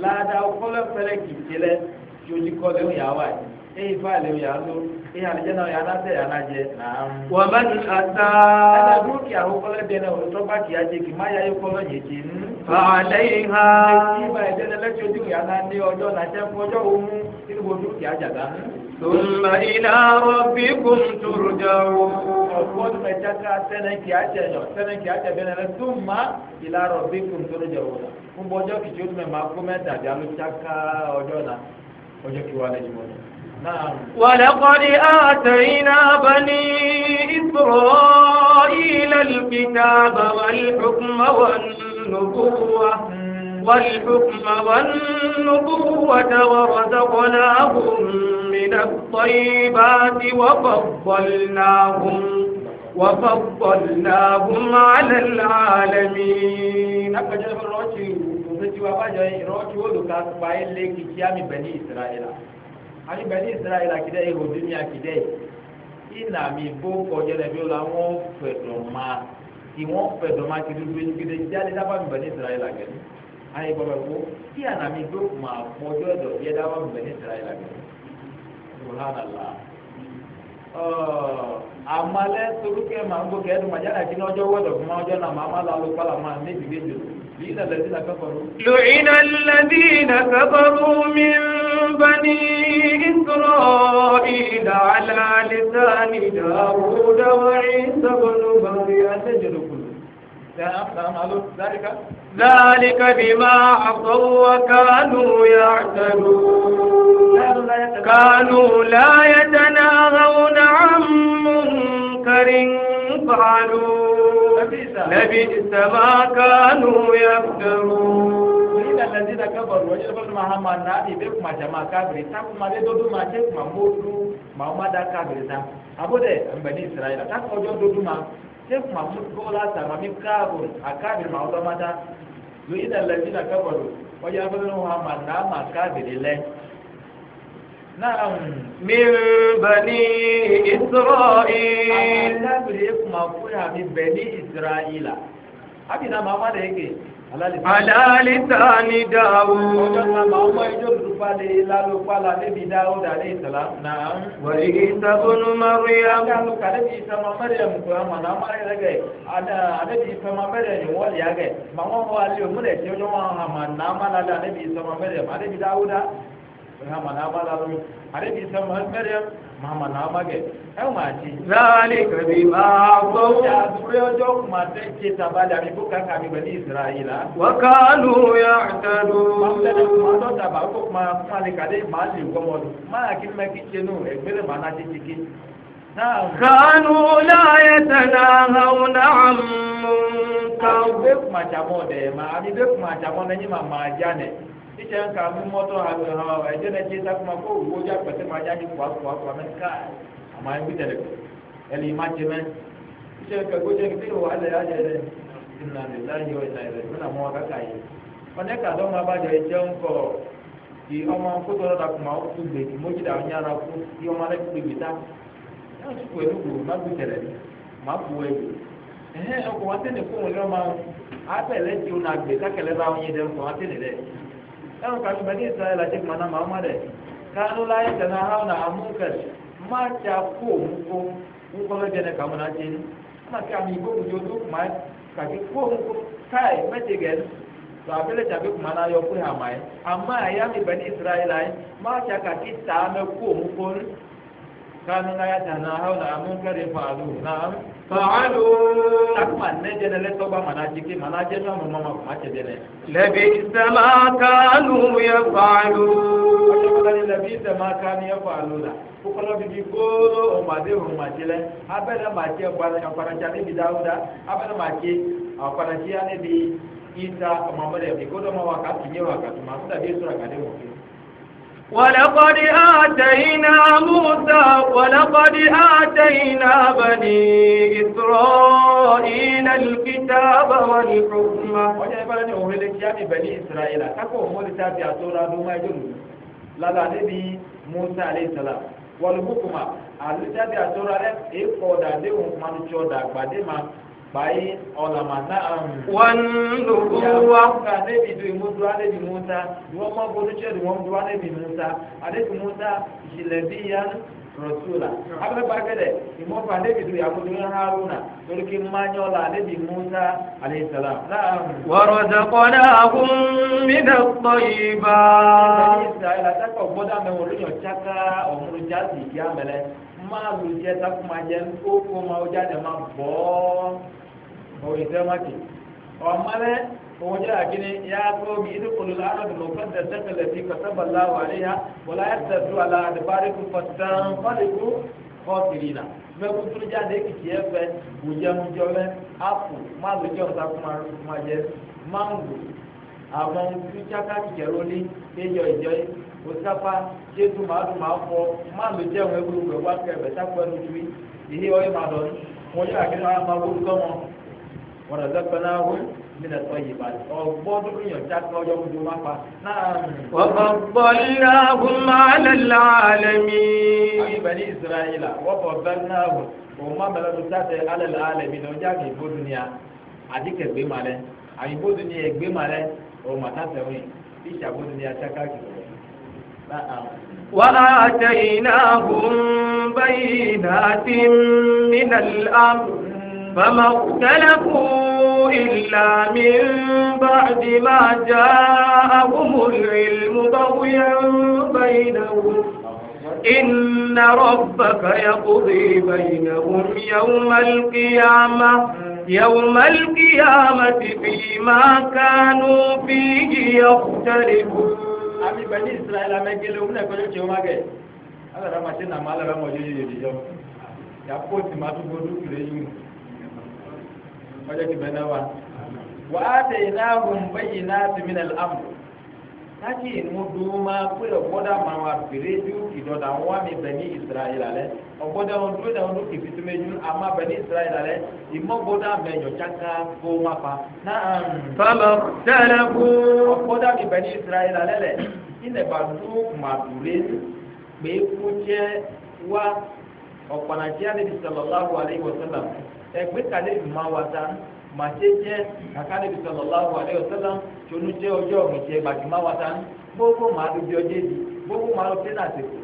Speaker 1: لا دعو فلنفسه لكي تلك يوجي كولهم يا واحد eyi fa le ya lo eyi alijana ya na se ya na je wa ma ni ata ala bu ki aho kole de na o to ba ki aje ki ma ya yo kole ye ti fa alaiha ti ba de na le ti oju ya na ni ojo na je fun ojo o mu ni bo du ki aja da ثم إلى ربكم ترجعون أقول متى سنك أجل سنك أجل بين ثم إلى ربكم ترجعون هم بوجو كي جود ما كومنت أجل تشكا أجونا أجو كي وانا جمونا ولقد آتينا بني إسرائيل الكتاب والحكم والنبوة والحكم والنبوة ورزقناهم من الطيبات وفضلناهم وفضلناهم على العالمين أكجل الرجل وزجوا فجأة الرجل كاسبعين لك كيام بني إسرائيل ani bẹni israẹli akidẹ yìí rò dimi akidẹ yìí ina mi bó kọjá lẹbi o la wọn fẹdọ ma kí wọn fẹdọ ma kí dúdú yìí gidi jáde dábàá mi bẹni israẹli akidẹ ayi bọbẹ kó kí ana mi bó ma kọjá dọ yẹ dábàá mi bẹni israẹli akidẹ subhanallah amalẹ torúkẹ máa ń gbókè ẹnu màjá àti ní ọjọ́ wọdọ fún ọjọ́ náà màá má lọ alùpùpù àlàmà méjì méjì lùyìn àlẹbí nà kẹfọrọ. lùyìn àlẹbí nà kẹfọrọ mi ń bá ní ìsọrọ ìdá àlàlẹ sáà ní ìdá òwúdà wáyé ló bá rí àtẹjọ lóko. ذلك ذلك بما عصوا وكانوا يعتدون كانوا لا يتناهون عن منكر فعلوا لبئس ما كانوا يفترون الذين كفروا وجدوا ما هم النبي بيك ما جماعة كبر تاب ما ده دو ما تك ما مودو ما ما دا كبر تاب أبو ده بني إسرائيل تاب وجدوا دو ما sheikh mahmud bola tamami kaabur akaabir ma ọdọ mata lóyún ẹlẹbi na kabaru ọjà abẹ́rẹ́ wọn ma nà má kaabiri lẹ. naam min bani israel. akaabiri ekuma fún yàrá mi bani israel. abi na mama alálítà ni dáwó. ọjọ́ náà máa mọ ijó dùfàlẹ̀ lálùpàlà níbi dáwó dàdé ìsàlá. wàyí ìsàbọnú mariam. káàlù kàdébí ìsàmà mariam kò àmà náà má rẹ̀gẹ̀ àdébí ìsàmà mariam ni wọ́n yà gẹ̀. màmá wọn alẹ́ òmùlẹ̀ tí ó ní wọn àmà náà má lálẹ́ àdébí ìsàmà mariam àdébí dáwó dá. àmà náà má lálẹ́ àdébí ìsàmà mariam mama na amage ẹwọn àti. láàlì kẹ̀lé máa gbọ́. àtúrẹ́ ọjọ́ kùmà tẹ́ ṣe tàbádà mi bókà kàmi pẹ̀lú ìsirayìlá. wákàlù yà tẹ̀lú. mọ̀tẹ́lẹ̀ kùmà tó dàbà kó kùmà fúnalẹ̀ kàdé màá lè gbọ́ mọ́tò. máa kí mẹ́kì ṣe nù ẹgbẹ́rẹ́ màá náà ti ti ké. kánú láyé tẹ̀lé àwọn náà mú ká. àbí bẹ́ẹ̀ kùmà jàmọ́ dẹ̀ máa àbí bẹ́ẹ̀ kùmà jàmọ́ ita yanka mu moto ha ga hawa ai dana ce ta kuma ko goja ba ta ma ja ni kwa kwa kwa men ka amma ai bita da ali ma ce men ita ka goja ni ko Allah ya ja dai inna lillahi wa inna ilaihi muna mu ka kai wanda ko ki ọmọ kótó lọ́dà kùmà ó tún gbè kí mójúdà ó nyára kú kí ọmọ alẹ́ kúrò gbèta yóò tún kú ẹnu gbòòrò má gbèsèlè ni má kú ẹyọ ẹhẹ ọkọ wa tẹ́lẹ̀ fóun lé ọmọ abẹ́lẹ́ tí ó nà gbé kákẹ́lẹ́ bá wọn yé dẹ́nu kọ́ wa tẹ́lẹ̀ dẹ́ kan ka bani Israel, ti mana mamare kanu la ya tana hauna amunka ma ta ko muko muko le gene kamu na jeni ma ka mi ko jo du ma ka ki ko muko kai ma ti gen to abele ta bi kuma na yo ku ha mai amma ya mi Israel isra'ila ma ta ka ki ta me ko muko kanu la ya na hauna amunka re fa'alu na'am فعلوا أكمل نجنا لتوبة مناجك مناجنا وماما ما تبينا لبئس ما كانوا يفعلون لبئس ما كانوا يفعلون kukɔlɔ bi di kóóró ɔmàdé ɔmàdé lɛ abɛlɛ màtí ɔkpanatsi alebi dawuda abɛlɛ màtí ɔkpanatsi alebi ita ɔmàmɛlɛ bi kóóró ɔmà wa kati nye wa kati ma kó dàbí esoro akadé wòfi. ولقد آتينا موسى ولقد آتينا بني إسرائيل الكتاب والحكمة ọjọ́ ìbára ni òun lè kí á ní bẹ̀lí ìsirayẹ́lá kápọ̀ òun lè sábì àtọ́ra lọ́wọ́ ẹjọ́ lù lára níbi musa aleṣala wọlé bukuma àlùsábì àtọ́ra rẹ̀ èkó ọ̀dà déhùn máa ń tsọ́ dàgbà dé máa kpai ɔlama na'am. wandugu wa. nka ne bi do imu do ale bi mu ta iwọ ma bo nutsɛ do wɔn do ale bi mu ta ale bi mu ta zilebi ya rɔtula abe ba kɛ dɛ imu fa ne bi do yakutu ya haruna toriki ma nyɔ la ale bi mu ta ale sara na'am. wɔrɔdɛ kɔnɛ akun mi na kpɔ yi ba. ɛni israɛl atakɔ gbɔdɔ mɛ wolo nyɔ tsaka ɔmuru jasi kia mɛ lɛ máa lu jẹ takuma jẹ ńkó kó máa ó jáde máa bọ́ ọ́ oyi sɛmati ɔmɔlɛ oje akini ya komi idu kulul aradu muqaddasa allati kataba Allahu alaiha wa la yastadu ala adbarikum fatanfaliku khasirina mɛku turja de kitiɛ fɛ bujamujɔlɛ apu malu jɔnta kuma kuma jɛ mango àwọn tujaka kìkẹrọlì kéjọ ìjọyè òsápá jésù màá dùn màá fọ má lè jẹun ewúro pẹ̀lú akẹ́bẹ̀ sápẹ́ nu ju ìhí ọyẹ́ màá ní wọ́n yóò àkínú àwọn ọmọ olùkọ́ wọn wọ́n lọ pẹ́ náà wọ́n mílẹ̀ tó yìí bá ọgbọ́dún yàn jáde ọjọ́ gbogbo wá pa náà. ọ̀pọ̀ ìyá ọ̀hún máa lè la alẹ́ mi. àbí bẹ̀rẹ̀ ní ìsirayìlà wọ́n kọ̀ bẹ́ẹ̀ náà wọ̀ òun kì í bódú ni a àdìkẹ́ gbé ma lẹ́ àyìn bódú ni ẹ̀ gbé ma lẹ́ òun mà tàtẹ̀ wọ̀nyí bí ìṣà bódú ni a ṣáká kìí وآتيناهم بينات من الأمر فما اختلفوا إلا من بعد ما جاءهم العلم بغيا بينهم إن ربك يقضي بينهم يوم القيامة يوم القيامة فيما كانوا فيه يختلفون أمي بني إسرائيل أمي قلوا هنا قلوا يوم أجل هذا رمشينا ما لرمشينا يجيجون يا قوتي ما تقولوا كده يوم ọjọ́ kìí bẹ́ẹ̀ wa. wà á tẹ iná hùn bẹ́yì náà ti mìíràn lámù. káàkì ìmúdùn máa pé ọ̀gbọ́dà máa wà péré ju ìdọ̀dà wọn mi bẹ̀ ní israẹl alẹ́ ọ̀gbọ́dà wọn dúró dáwọn lókè fi túnbẹ̀ ju àmà bẹ̀ ní israẹl alẹ́ ìmọ̀gbọ́dà mẹ́jọ ṣáká kó má pa. bàbá tẹ́lẹ̀ kú. ọ̀gbọ́dà mi bẹ̀ ní israẹl alẹ́ lẹ̀ ilẹ̀ bá dúró màdùrẹ́ pé kó jẹ́ wá ọ̀pọ̀nàjẹ́ àdébísọ̀lọ́láhùn àdébísọ̀lọ́láhùn ẹgbẹ́ kalẹ̀ ìmọ̀ wa ta màtí jẹ́ kàkàlẹ̀ bí sallallahu alaihi wasallam tónú jẹ́ ọjọ́ ọ̀gbìn jẹ́ gbajúmọ̀ wa ta gbogbo màá ló bí ọjọ́ èdè gbogbo màá ló tẹ́lẹ̀ àtẹ̀kù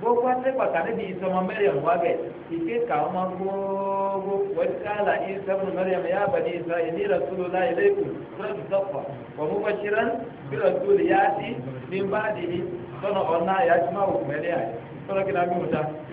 Speaker 1: gbogbo atẹ́gbà kalẹ̀ bí sọmọ mẹ́rẹ̀m wá bẹ̀ ìké kà ọmọ gbogbo wẹ́tíkàlà ìsẹ́fún mẹ́rẹ̀m yá bàdí ìsọ ìní rasulù láì lẹ́kùn sọ́ọ̀tù sọ́fà wọ́n mú ṣẹlẹ̀ bí rasulù yá sí bí n bá dìní sọ́nà ọ̀nà yá jùmọ̀ òkùnrin àyè sọ́nà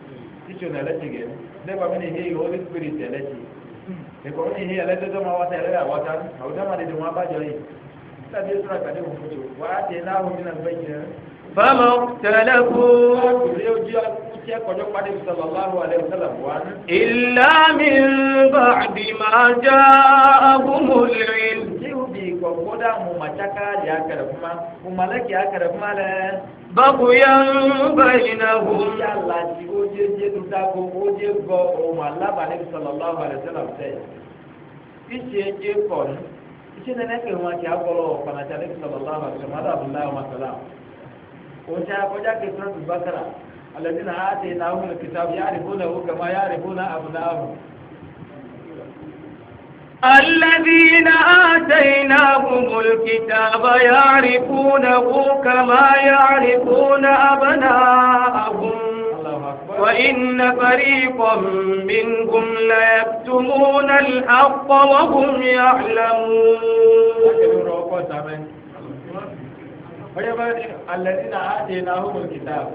Speaker 1: títsọ ní ẹlẹ́tì gẹ̀ dẹ́gbà mi ní ihe yìí holy spirit ẹlẹ́tì ẹ̀kọ́ mi ní ihe ẹlẹ́tì tó máa wọ́tá ẹlẹ́tì àwọ́tá àwùjọ máa dìde wọn abájọ yìí sábẹ́ sọ́ra kàdé wọn fòtò wà á tẹ̀ náà wọn nínú ẹgbẹ́ yìí. báwo tẹ̀lé kú. ìlà mi bàbí máa já agúnmọ̀ lẹ́yìn gwargwada mu mataka da ya karfuma mu malaki ya karfuma la bakuyan bainahum ya Allah ti o je je du ta ko o je go o ma la ba ne sallallahu alaihi wasallam sai ichi je ko ichi ne ne ke wa ki agolo pana ta ne sallallahu alaihi wasallam ala billahi wa salam o ja ko ja ke sura bakara alladhina atainahum alkitab ya'rifunahu kama ya'rifuna abna'ahum الذين آتيناهم الكتاب يعرفونه كما يعرفون أبناءهم وإن فريقا منهم ليكتمون الحق وهم يعلمون الذين آتيناهم الكتاب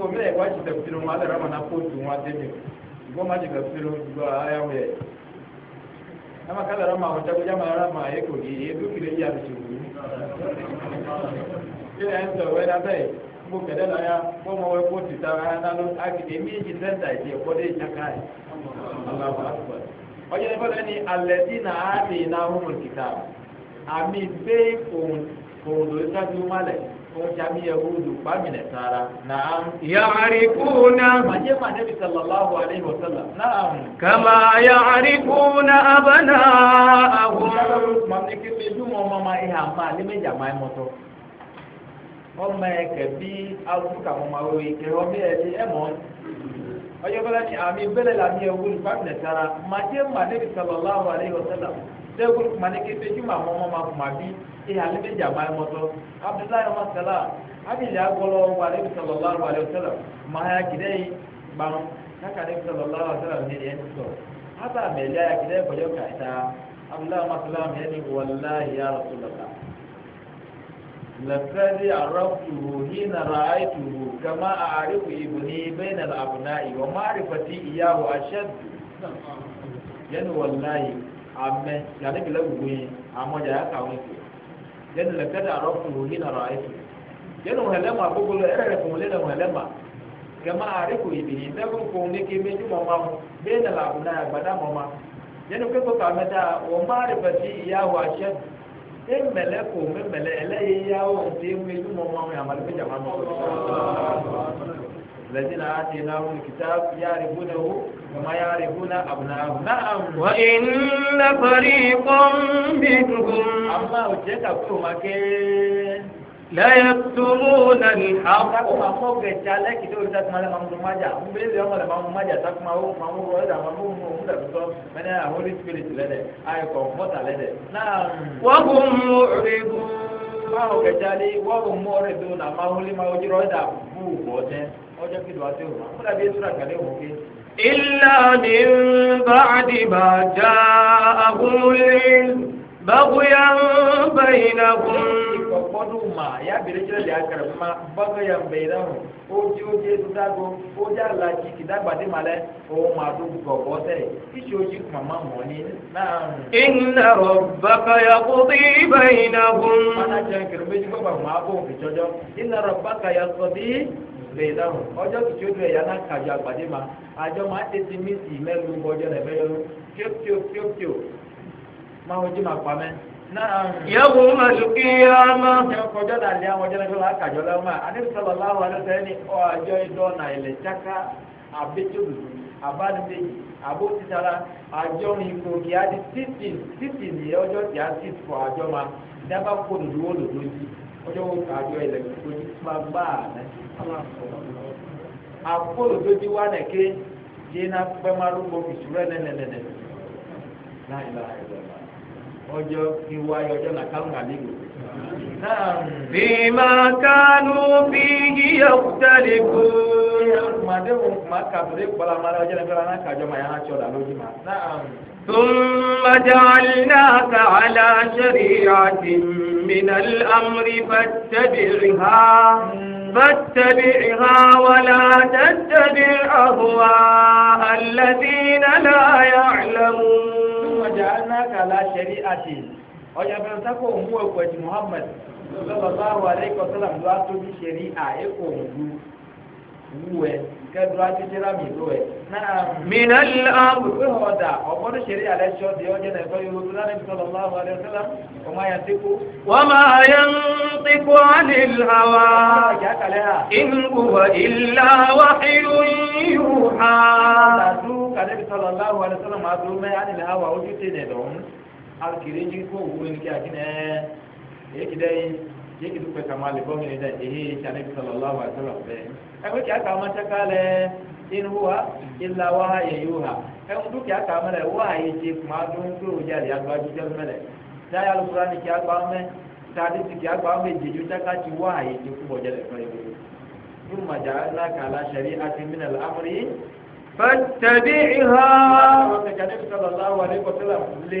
Speaker 1: mo bẹ̀rẹ̀ wájú tẹ̀síwájú wọn adara wọn akó tún wọn adébẹ̀ ìgbọ́n má ti tẹ̀síwájú wọn ayáwó yẹ. ama kala rama hojabu jama rama yeko gi yedu kile ya bisu kile enzo wena bei mo kede la ya ko mo we ko ti ta ha na lo akide mi ji senta ji ko de chakai Allahu akbar oye ne bala ni alladina amina humul kitab ami be ko ko do ta du male jamii yahudu famina sara naam yaarifuna majema nabi sallallahu alaihi wasallam naam kama yaarifuna abanaahum mamliki mejumo mama iha ma lime jamaa moto ọmọ ẹ kẹbi awuka mọmọ awo ike ọmọ ẹ ti ẹ mọ ọyọ bẹlẹ ni àmì bẹlẹ làmì ẹwúlù fámìlẹ sara màjẹ màdébi sàlọláhu aleyhi wa sàlám dẹ́gbẹ́ kuma ní kété jùmọ̀ àwọn ọmọ máa kuma bí ìhà ní méjì àmà ẹ̀mọ́tọ́ abdullahi ọmọ sẹlá abilẹ̀ agbọ́lọ́ wà ní sọlọ́lá wà ní màá kìdẹ́ yìí gbàrún káka ní sọlọ́lá wà sẹlá ní ẹ̀yẹ ti sọ hátà mẹ́lẹ́ yà kìdẹ́ ìbọ̀jọ́ kàìta abdullahi ọmọ sẹlá mi ẹni wọlá yà rọ̀tùlọ̀tà lẹ́fẹ́rẹ́ àrọ́tùrù hínà ràáìtùrù kama àríkù ìbùnì amɛ yanni kele gbogbo yi amɔdza ya ka wɔn fi yɛnu lɛ kɛtɛ arɔ fún wo yina rɔ ayi fi yɛnu hɛlɛ ma gbogbo lɛ ɛrɛ fún lɛ nu hɛlɛ ma kɛmɛ ari ko ibi yi nɛ fún fún neke mɛ ju mɔ mu bɛ nɛ la kuna agbada mɔ ma yɛnu kɛ ko ta o ma ari pɛti ya wo ahyɛ e mɛlɛ ko mɛ mɛlɛ ɛlɛ ye ya wo nte mɛ ju mɔ ma mu yamari bɛ jama mɔ lɛtina ati na wo kita yari bu ne wo. كما يعرفون أبناءهم نعم وإن فريقا منهم أما وجهك أبوهما لا يكتمون الحق وهم معرضون báwo kẹjáde wọ́n mú ọrẹ tó nà máa wọlé máa wọjú rọ́ọ̀dà bú bọ́ọ̀tẹ́ ọjọ́ kí ló wá sí òun àmúdàbí ètò àgbàdo òun ké. إلا من بعد ما جاءهم العلم بغيا بينهم ọdún ma ya bèrè jẹ́ lè akẹrẹ fún ma bọ́gọ̀ yà ń bẹ̀rẹ̀ hàn ó jí ó jẹ́ dágbó ó jẹ́ àlàjì kìdágbàdé ma lẹ òun ma tó gbọ̀gbọ́ tẹ̀ kíṣe ó jí màmá mọ̀ ní náà. iná rọ̀ bàbá ya kó bí bẹ́yìn náà gùn. mọ́nà jẹ́ kẹrìndínlẹ́jì gbọ́dọ̀ máa bọ̀ òfin jọjọ́ iná rọ̀ bàbá sọ bí lè dáhùn ọjọ́ kìtì ojú ẹ̀yà náà kàjọ àgbàdé ma àjọ máa tètè mí sí mẹ́lú ọjọ́ rẹ̀ mẹ́yọ́lú kíókíó kíókíó máa ń ojú máa pa mẹ́. yẹ́wò màlúkì ọmọ. ọjọ́ náà lé àwọn ọjọ́ náà lọ́la kàjọ lọ́wọ́ máa àdébí sọ̀rọ̀ láwọn alẹ́sẹ̀ ní ọjọ́ idọ́ nà ilẹ̀ chaka àbẹ́tòlù àbánibẹ́yì àbótitara àjọ ní ipò kí á di títì títì ní ọjọ́ tí á ti fọ àjọ máa dábàá kó lòdùwọ́ lòdùwọ́ yìí ọjọ́ wo àjọ ilẹ̀ gbogbo ní gbàgbà náà àkóòlù tó ti wá nàké yé na pẹ́márúgbó ìṣúrẹ́ nẹ́nẹ́nẹ́nẹ́ láì láì lọ́la ọjọ́ ìwà ọjọ́ nà kánú àlejò. Bímá kánú bí yíyọ̀ tẹ́lẹ̀ kúrò. ثم جعلناك على شريعة من الأمر فاتبعها فاتبعها ولا تتبع أهواء الذين لا يعلمون ثم جعلناك على شريعة o ya fẹ́ sẹ́kọ̀ òun wọ́pọ̀ ẹ̀jì muhammad lọ́lọ́lọ́ bá wà lẹ́kọ̀ọ́ sọ́làmù wú ẹ kẹdùn atijira mi ló ẹ. mina lam. pé ọ̀dà ọ̀gbọ́n ṣeré alẹ́ sọ di ọjọ́ náà ẹ̀fọ́ yorùbá náà níbi sọ̀rọ̀ máa wà lẹ́yìn sọ́lá ọmọ yẹn ti kú. wọ́n máa yẹ ń ti kú ánìl hawa. ìlú yìí ha. àdú kàdébi sọ̀rọ̀ máa wà lẹ́yìn máa dúró mẹ́ ánìl ojú tẹ̀ lọ́hún. alùpùpù kó òwúrò je ki dupe kama le bomi ne da ehe shani sallallahu alaihi wasallam be e ko ya kama ta kale in huwa illa waha yuha e mu duke aka mele wa ye je kuma dun ko ja ya ba ju ja mele da ya alqur'ani ki aka me tadi ki aka me je ti wa ye je ku bo ja le ko ثم جعلناك على شريعة من الأمر fattabi'iha sallallahu alaihi wasallam le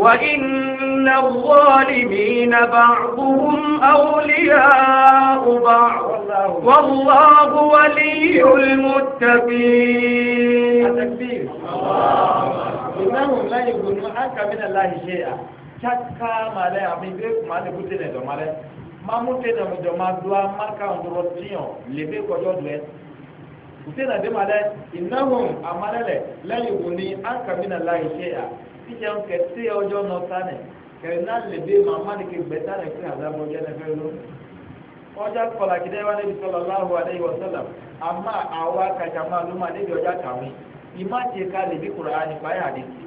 Speaker 1: وإن الظالمين بعضهم أولياء بعض والله ولي المتقين إنهم لا يغنون عنك من الله شيئا شكا ما لا يعمل ما لا يغنون ما لا mamu tena mudo madua maka ndorotiyo lebe ko jodwe utena de male innahum amalale la yughni anka min allahi shay'a tijam kɛ se ɔjɔ nɔ tanɛ kɛ na le be ma ma de ke gbɛ tanɛ fi aza mo jɛ nɛfɛ lo ɔjɔ kɔla kidɛ wa nebi sɔlɔ lahu alayhi wa sallam ama awa kajama luma nebi ɔjɔ kami ima tse ka le bi kura ani fa ya de ti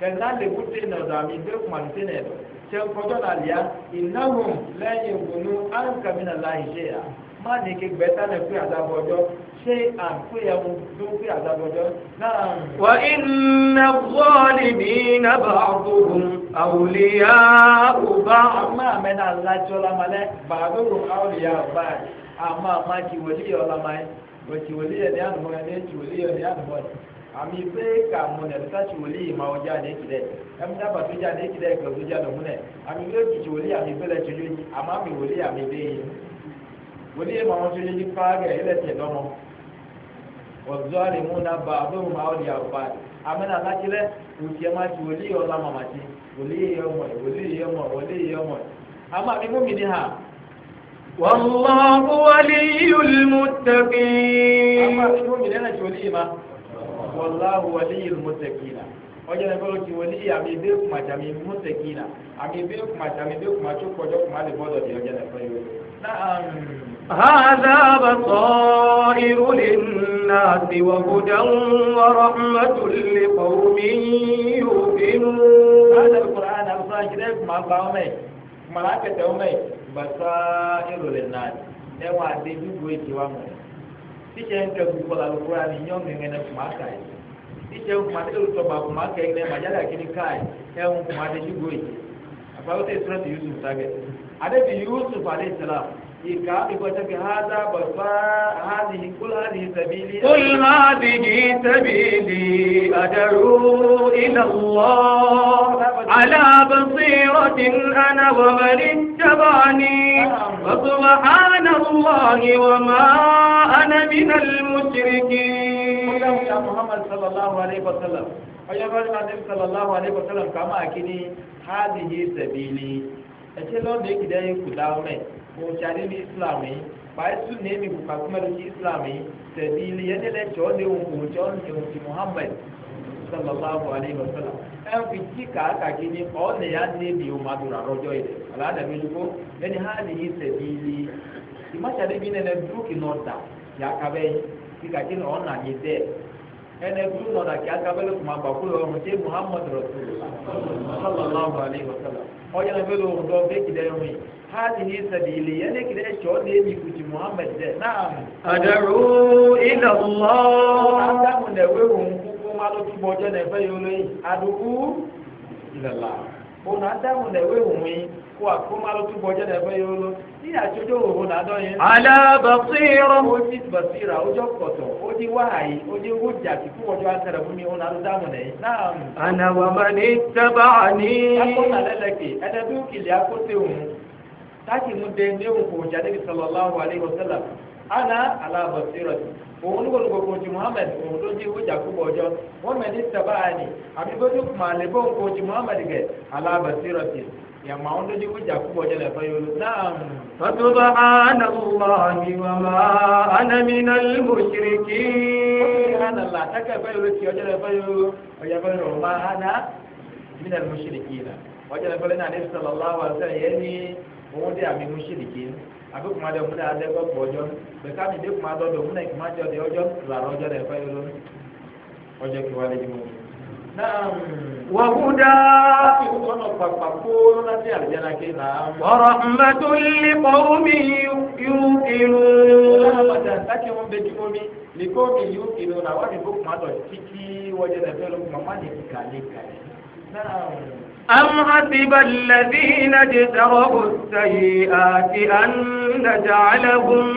Speaker 1: kɛ na le kute nɔdɔ ami be kuma te nɛ dɔ tse kɔjɔ na lia inahum lɛyin gunu an kamina lahi se má ní kí gbẹ́tà náà fi àdàbọ̀ ọjọ́ ṣé àfihàn tó fi àdàbọ̀ ọjọ́ náà. wà iná bọ́ọ̀lì ní nàbà ọ̀gbọ̀n àwòlíyá ọba. àmọ́ àmẹ́nà alájọ́ lamalẹ̀ bàbáwò àwòlíyá ọba àmọ́ àmọ́ jìwòlíyà ọlámáyé wòjìwòlíyà ní ànúmọ́ ẹ̀ ní jìwòlíyà ní ànúmọ́ ẹ̀ àmì pé kà mọ nà lóta tsi wòlíì ma wòdza ne ti wòle yẹ màwọn tó yẹji fáágẹ ẹlẹtẹ dọmọ ọzọlẹ mú na ba abẹ wọn àwọn yà ba amẹnà láti lẹ òtí ẹ má ti wòle yẹ ọlá màmá ti wòle yẹ ọmọ yẹ wòle yẹ ọmọ yẹ wòle yẹ ọmọ yẹ àmà mi mú mi ní ha. والله ولي المتقين أما المؤمن أنا ولي ما والله ولي المتقين ọjọ́ ní bọ́lá ti wọlé àmì ìbéè kùmà tàmí mùsẹ̀kìnà àmì ìbéè kùmà tàmí ìbéè kùmà tó kọjọ́ kùmà lè bọ́dọ̀ di ọjọ́ ní bọ́lá yìí. هذا بصائر للناس وهدى ورحمة لقوم يوقنون هذا القرآن أبصار شريف ما قومي ملاكة أمي بصائر للناس ẹwọn adé dúdú ètò wa mọ tíṣẹ ń kẹ gbogbo alukóra ni yọ mi ẹnẹ kùmà ká yìí tíṣẹ ń kùmà tẹlifù tọgbà kùmà kẹ ẹnẹ màjálà kìíní سبيلي قل هذه سبيلي أدعو إلى الله على بصيرة أنا ومن اتبعني فسبحان الله وما أنا من المشركين محمد صلى الله عليه وسلم أيها النبي صلى الله عليه وسلم كما أكيد هذه سبيلي أتلون لك دايك داوني gonchani mi islami bai su ne mi buka kuma da ki islami sabili yadda da cewa ne wun gonchon ne wun muhammad sallallahu alaihi wa sallam ẹn fi kí kàákà kí ni ọ̀nà ya níbi òmàdùrà rọjò yìí aládàbí olùkọ́ lẹ́ni hàn ní sẹ̀bìlì ìmáṣàdébí nẹ́nẹ́ dúrókì nọ́ọ̀tà kí akabẹ́ yìí kí kàkí ni ọ̀nà yìí dẹ́ ẹnẹ́ dúró nọ́ọ̀tà kí akabẹ́ ló kùmà gbàkú lọ ọ̀hún ṣé muhammadu rasulillah sallallahu alaihi wa sallam ọ̀yẹ́nẹ́fẹ́ lóhùn dọ́ bẹ́ẹ̀kì dẹ́rùn yìí. Ha سبيلي يعني كده شو دي بيكوتي محمد ده نعم أدعو إلى الله na نويهم كوكو مالو تبوجة نفيولي أدعو إلى الله òun àdáhùn lẹ̀wé òun yìí kó àkómáló tó bọjá lẹ́fẹ́ yóò lọ ní àjọjọ́ òun nàdọ́ yẹn. taki mu de ne wo ko jade bi sallallahu alaihi wasallam ana ala basirati òun ló ń ko ti muhammed òun ló ti wọ́jà kúbọ̀ ọjọ́ wọ́n mẹ́ ní sábàáni àbí bójú kùmà lè bó ko ti muhammed gẹ̀ ala basirati yàmà òun ló ti wọ́jà kúbọ̀ ọjọ́ lẹ́fọ́ yóò lò náà. fatuba ana allahi wa ma ana mina al-mushriki. ana la taka ẹfẹ yóò ti ọjọ́ lẹ́fọ́ yóò ọjọ́ lẹ́fọ́ yóò ma ana mina al-mushriki na ọjọ́ lẹ́fọ́ yóò sallallahu alaihi wasallam yẹn owó dé àmì mùsùlùmí àbí kùmà dé múlẹ̀ adé gbọ́gbọ́ ọjọ́ bẹ̀ká mi dé kùmà dọ́dọ̀ múlẹ̀ kùmà jọ dé ọjọ́ làrá ọjọ́ rẹ̀ fẹ́ lọ ọjọ́ kí wà lè dìbò. وهدى ورحمة لقوم يوقنون likomi yi oke lona wani bukuma dɔ titi wɔdze na fɛn lɛ kuma ma ne أم حسب الذين اجتربوا السيئات أن نجعلهم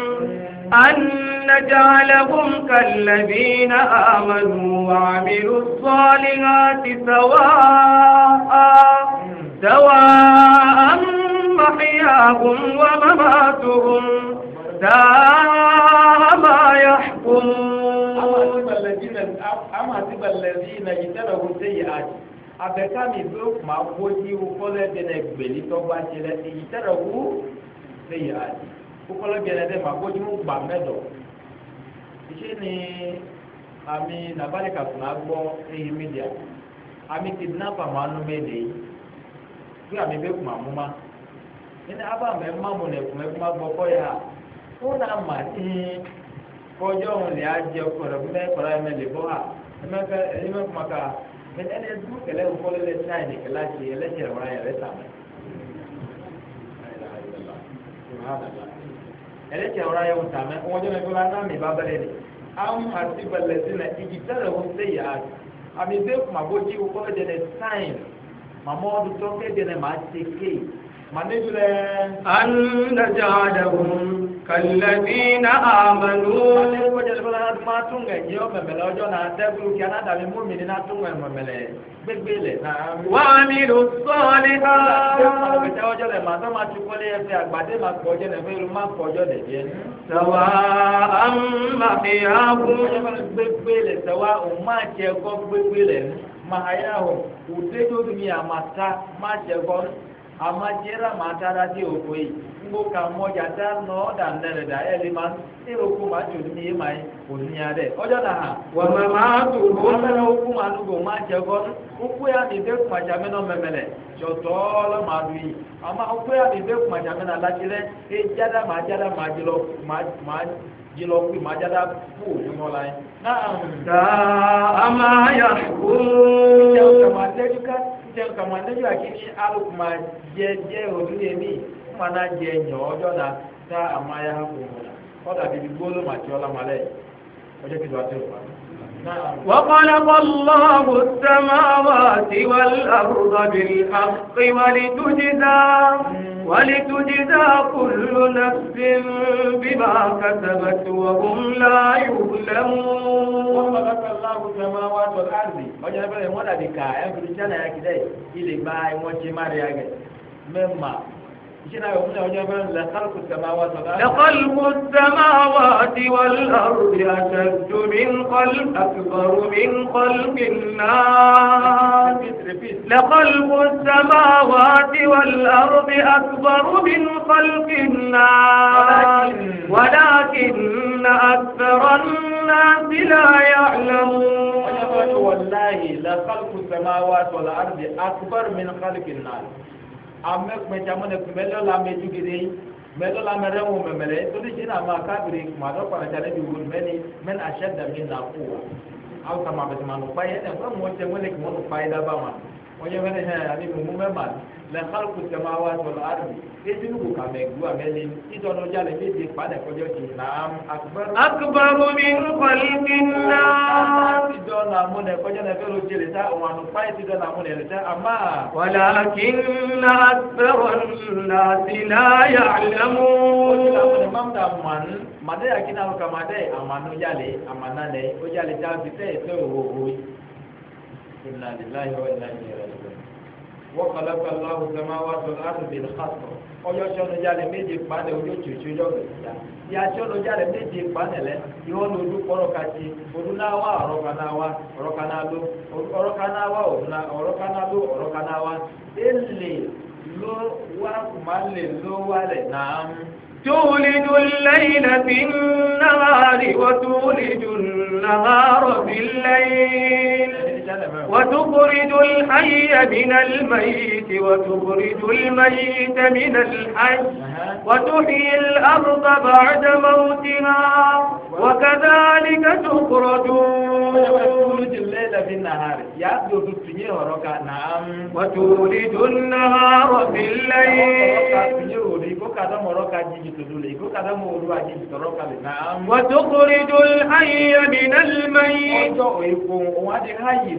Speaker 1: أن نجعلهم كالذين آمنوا وعملوا الصالحات سواء سواء محياهم ومماتهم ساء ما يحكمون أم حسب الذين اجتربوا السيئات abẹ́kámi bí ó máa wó tí ukọ́lẹ́dẹ́nẹ gbèlí tọ́gbà ṣe lẹ èyí tẹ́lẹ̀ wú léyà àdì ukọ́lẹ́dẹ́nẹ dẹ́ máa wó tí wọ́n gbà mẹ́dọ̀ ìṣe ni àmì nàbàlẹ̀ kàtúnà gbọ́ èyí mídíà àmì kìdínápà máa nú mẹ́lẹ̀ yìí bí ma ẹni i mọ́mù nẹ̀kùmẹ́ kùmà gbọ́ kọ́ yà ó nà mà ní kọjọ́ òun lè á jẹ ọkọ̀ rẹ̀ kẹlẹ ẹni ẹdun kẹlẹ ń fọlẹ lẹ sáyẹn ní kẹlẹ àti ẹlẹsẹ ọ̀rọ̀ ayẹ lẹsà mẹ ẹlẹsẹ ọ̀rọ̀ ayẹ wò sàmẹ wọn jẹ mẹfẹ wọn anamí babalẹ ni àwọn àti balẹsí na ìdí tẹlẹ wọn sẹ yà á àmì bẹ́ẹ̀ kùmà bó jí kókó ẹdẹ ní sáyẹn màmá ọdún tó kẹdẹ ní màá ṣe kéè màá níbi rẹ. ànúdàjà àdàgùn kàlẹ́dínà àmàlú. wọ́n ní kó jẹ́ sọ́kọ́lá náà máa tún ẹ̀ yé ọ̀mẹ̀mẹ̀lẹ̀ ọjọ́ náà dẹ́gbù kí aládàbí múmi ní náà tún ẹ̀mẹ̀mẹ̀lẹ̀ gbégbé lẹ̀ náà. wọ́n á mi lù sọ́ọ́ ní ká. ọ̀pẹ̀tẹ̀ ọjọ́ rẹ̀ màá tó máa ti kọ́lé ẹsẹ̀ àgbàdé máa pọ̀ ọjọ́ rẹ̀ fún irun máa pọ̀ ọjọ́ rẹ̀ jẹ́. sàwa àmàmì àbú. gbégbé lẹ̀ sàwa òun máa jẹ́ ẹ̀kọ́ gbégbé lẹ̀ máa yá ma matara di okoi mboka mmoja tano da ndere da eliman ero kuma tuni mai oniya de ọjọ na ha wa mama tu wona kuma nugo ma jagon uku ya ni de kuma jameno memele jotolo madui ama ụkwụ ya ni de kuma e jada ma jada ma jilo ma ma jilo ku ma jada pu ngolai na um. am jẹ kàmá níjọ àkíní alùpùpù jẹ jẹ òdú yẹmí kúmà náà jẹ ẹnyọ ọjọ náà tá àmà yà hàn kùmù náà ọ̀dà bíbí gbóló mà tí ọlá malẹ̀ ọjọ́ kìlọ̀ àti òkpa. وخلق الله السماوات والأرض بالحق ولتجزى ولتجزى كل نفس بما كسبت وهم لا يظلمون وخلق الله السماوات والأرض وجعل بينهم ولا بكاء يفرشنا يكدي إلى باي وشمار يكدي مما لخلق السماوات والأرض أشد من خلق أكبر من خلق الناس لخلق السماوات والأرض أكبر من خلق الناس ولكن أكثر الناس لا يعلمون والله لخلق السماوات والأرض أكبر من خلق الناس amẹ́kùnmẹ́tsa mọ́nẹ́kùn mẹ́lẹ́lá mẹ́jú gèdè mẹ́lẹ́lá mẹ́rẹ́wọ̀n mẹ́mẹ́lẹ́ torí tí náà máa kábìrì màdọ́ kpàràtà níbi wòlù mẹ́ni mẹ́ni aṣẹ́ dàmí nà kú wa awo kama bẹ̀tẹ̀ mà nù kpa yẹ ẹ̀ fẹ́ mọ̀ ọ́ tẹ mọ́nẹ́kùn mọ́nù dábàá mà onye mene hɛ ani mu mu mɛma lɛ xaluku tɛmɛ awa tɔlɔ ari edini ko kame gu amɛli idɔnɔ dza le mede kpa nɛ kɔjɔ ti naam akubaru. akubaru mi nkɔli mi naa. ti dɔ na mu nɛ kɔjɔ nɛ fɛrɛ oje le ta wọn anu kpa ti dɔ na mu nɛ le ta ama. wala kinna sɛrɛ na ti na yalamu. o ti na mu nɛ mamu na manu made yakina kama de amanu yale amana lɛ o ta bi tɛ owo owo. إنا لله وإنا إليه راجعون وخلق الله السماوات والأرض بالخط ọjọ́ sọ́nù jáde méje panẹ̀ ojú tìtì ọjọ́ gbèsè ya sọ́nù jáde méje panẹ̀ lẹ yóò ní ojú kọ́rọ̀ ka ti olùnáwá ọ̀rọ̀kanáwá ọ̀rọ̀kanáló ọ̀rọ̀kanáwá ọ̀rọ̀kanáló ọ̀rọ̀kanáwá èlè ló wá má lè ló wá lẹ̀ náà. تولد الليل في النهار وتولد النهار في الليل وتخرج الحي من الميت وتخرج الميت من الحي وتحيي الأرض بعد موتها وكذلك تخرجون الليل في النهار نعم. وتولد النهار في الليل وتخرج الحي من الميت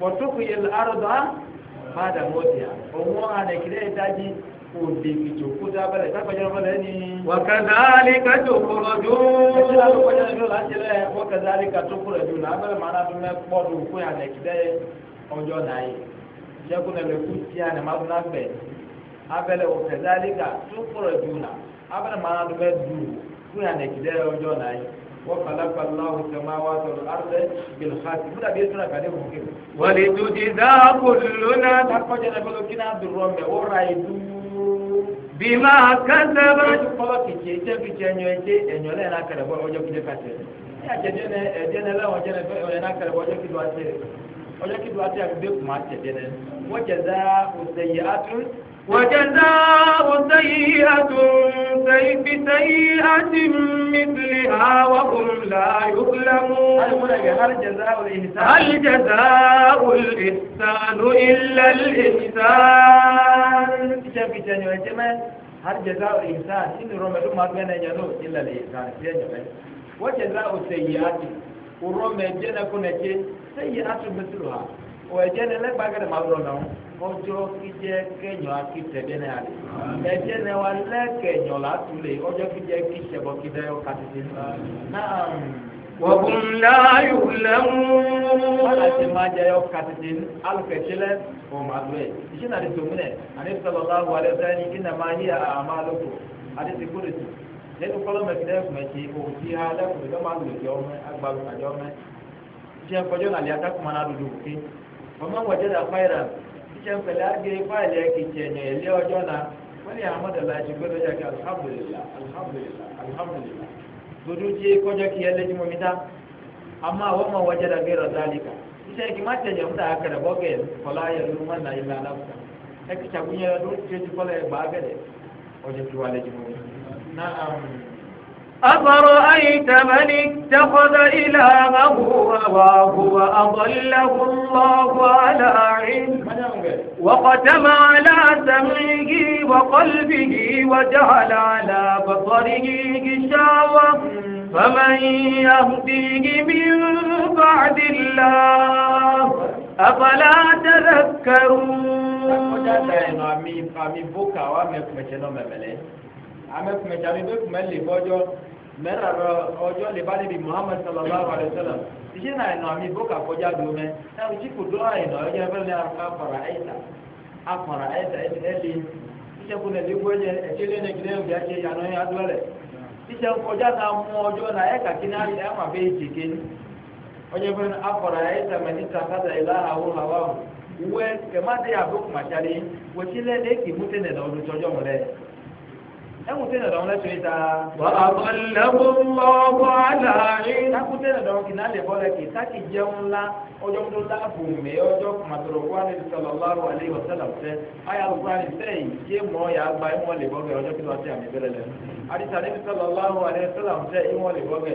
Speaker 1: pọ̀tùkù yẹlẹ arọ́dọ̀ á bàdà mọ́tìyà òun àdèkìlẹ̀ ìdájí òde ìjòkó dábẹ́lẹ̀ sábàjọ́ ọ̀bẹ̀lẹ̀ ni. wàkàdàlì kájọ kọlọ dùn. ẹ̀jẹ̀ ló kọjá lójú láti rẹ̀ wàkàdàlì kájọ kọlọ dùn náà abẹ́rẹ́ màá nàdún mẹ́ pọ́ọ̀dù fún àdèkìlẹ̀ ọjọ́ náà yìí. ìjẹ́kùn náà lè kú tí a nà má dún náà bẹ̀. abẹ́lẹ̀ wàkàdàlì kájọ kọlọ dùn náà abẹ́rẹ́ màá nàdún mẹ́ dùn fún àdèkìlẹ̀ ọjọ́ náà وخلق الله السماوات والارض بالحق من ابي سنا كده ممكن ولتجزى كل نفس حقا جنبه كنا عبد الرحمن ورايدو bima kasaba kɔlɔ kitse tse kitse ɛnyɔ etse ɛnyɔ lɛ n'a kɛlɛ bɔ ɔjɔ kitse kase ɛyà tse dɛnɛ ɛdɛnɛ lɛ ɔjɔ lɛ ɔyɛ n'a kɛlɛ bɔ ɔjɔ kitse ase ɔjɔ kitse ase a bɛ kuma tse dɛnɛ wɔdze zaa ose yi atu وجزاء سيئة سيئة مثلها وهم لا يظلمون هل جزاء الإحسان هل جزاء الإحسان إلا الإحسان هل جزاء الإحسان إن رمضان ما كان ينو إلا الإحسان وجزاء السيئات ورمضان كنا شيء سيئات مثلها ɛdzɛ ne lɛ gbagɛ ma wlɔ nɔ ɔdzɔ kidzɛ kɛnyɔ aki tɛbiɛ nɛ ali ɛdzɛ ne wa lɛ kɛnyɔ la tu le ɔdzɔ kidzɛ kitsɛ bɔ kidzɛ yɔ katiti naam. wɔkum laayu lɛmu. ala ti ma jɛ yɔ katiti alu kɛse lɛ o ma do yɛ isi na di tomi nɛ ani a ma lɛ faman waje da fairan cikin falage fayil ya ke ce ne yalle wajen na wani ya hamada lashi ko da jaka alhamdulillah alhamdulillah alhamdulillah to duci ko jaki yalle ji mita amma waman waje da gaira zalika ita ki mata ya mutu aka da boge fala ya ruman na ila nafsa ta ki ta gunya do ce ji fala ya bagade wajen tuwale ji na na'am
Speaker 2: أفرأيت من اتخذ إلهه هواه وأضله الله على علم
Speaker 1: وختم على سمعه وقلبه وجعل على بصره غشاوة فمن يهديه من بعد الله أفلا تذكرون mẹ́rà rọ ọjọ́ lè bá níbi muhammed sallallahu alayhi wa sallam ìṣe náà ìnà mi bó kà kọjá dùn mẹ́ náà ìṣe kò dúró àìnà ọjọ́ ẹgbẹ́ ní afọ̀rà ẹ̀ta afọ̀rà ẹ̀ta ẹ̀lẹ́ ìṣe kò nà léwu ẹ̀jẹ̀ ẹ̀ṣẹ̀ lé ní ìgbìlẹ̀ òbí àti ìyànà yẹn adúlọ̀ rẹ̀ ìṣe kọjá mú ọjọ́ náà ẹ̀ má ọjọ́ ẹ̀wù tẹ̀lé ọ̀dọ̀ wọn lẹ́sùn yìí ta. wà á bọ̀ lẹ́kùn lọ bọ̀ àlà yìí. kákú tẹ̀lé ọ̀dọ̀ wọn kì í náà lè bọ́ lẹ́kì káàkì jẹun ńlá ọjọ́ tó dáàbò mẹ́ ọjọ́ kùmàtọ̀rọ̀ wà ní sọlọ́láru alẹ́ ìwọ̀sẹ̀lẹ̀ ọ̀sẹ̀ ayé alùpùpù àti sẹ́yìn yé mọ́ ọ̀yà àgbà ìwọ̀n lè bọ́ bẹ́ẹ̀ ọjọ́ kí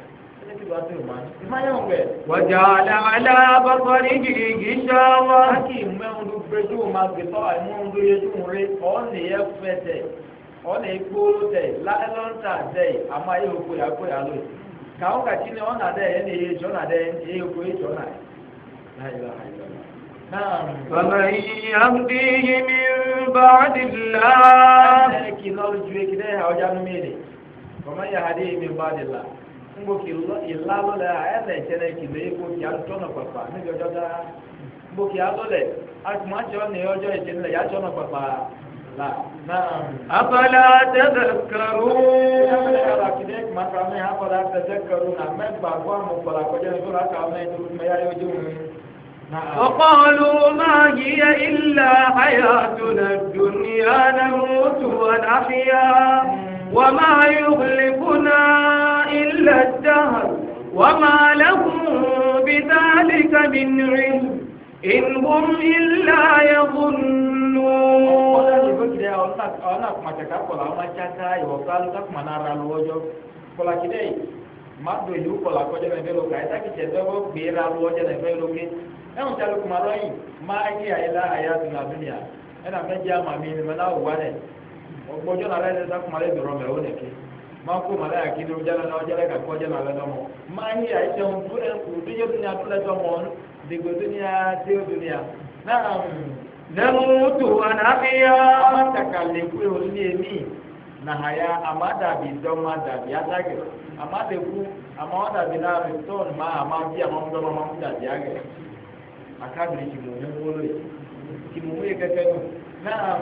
Speaker 1: وجعل على بصره غشاوة ọ̀nà ìgbóró tẹ̀ lọ́ńtà tẹ̀ àmọ́ ayé òkú yà kó yà lóye kàwọn kàtí ni ọ̀nà dẹ̀ ẹ̀ ní iye jọ́nà dẹ̀ ẹ̀ òkú yẹ jọ́nà yẹ. فمن يهديه من بعد الله. فمن يهديه من بعد ngo ilalo le ayɛlɛ tsɛ le kele ko kia tsɔ nɔ kpakpa ne yɔdzɔ daa ngo kia lɔ le akuma tsɛ ne yɔdzɔ yi tsɛ ne le ya nɔ kpakpa la naa. abala tɛtɛ karo. ɛfɛ kala kele kuma ka mɛ abala tɛtɛ karo na mɛ gba amu kpɔla kɔjɛ ne tora ka mɛ tulu mɛ ya yɔ dziwu. وقالوا ما هي إلا حياتنا الدنيا نموت ونحيا وما يهلكنا إلا الدهر وما لهم بذلك من علم إن هم إلا يظنون ọlọ́dẹ ọ̀nà àpàjàká kọ̀lá ọmọ jáká ìwọ̀ká lọ́kùnmọ̀nà ara lọ́wọ́jọ́ kọ̀lá kí lẹ́yìn má do ìlú kọ̀lá kọjọ́ nàìjíríà lọ́kà ẹ̀ta kì í ṣe ẹ̀fẹ́ wọ́n gbé ra lọ́wọ́jọ́ nàìjíríà lókè ẹ̀hún tí a lọ́kùnmọ̀ lọ́yìn má yí àyílá àyà tó nà dúnìyà ẹ̀nà mẹ́jẹ́ àmàmì ni mẹ́ná òwúwa rẹ̀ ọgbọ́jọ́ nàrẹ́ mako mala ya kini ujana na ujana ka kwa na la domo mani ya ite mpure udije dunia tule domo digo dunia tio dunia naam namutu anahia matakalekwe ulie emi na haya amada bidoma dabi atake amada ku amada bina return ma amadi amamdo mamamuda diage akabiri kimumu bolo kimumu yekekenu naam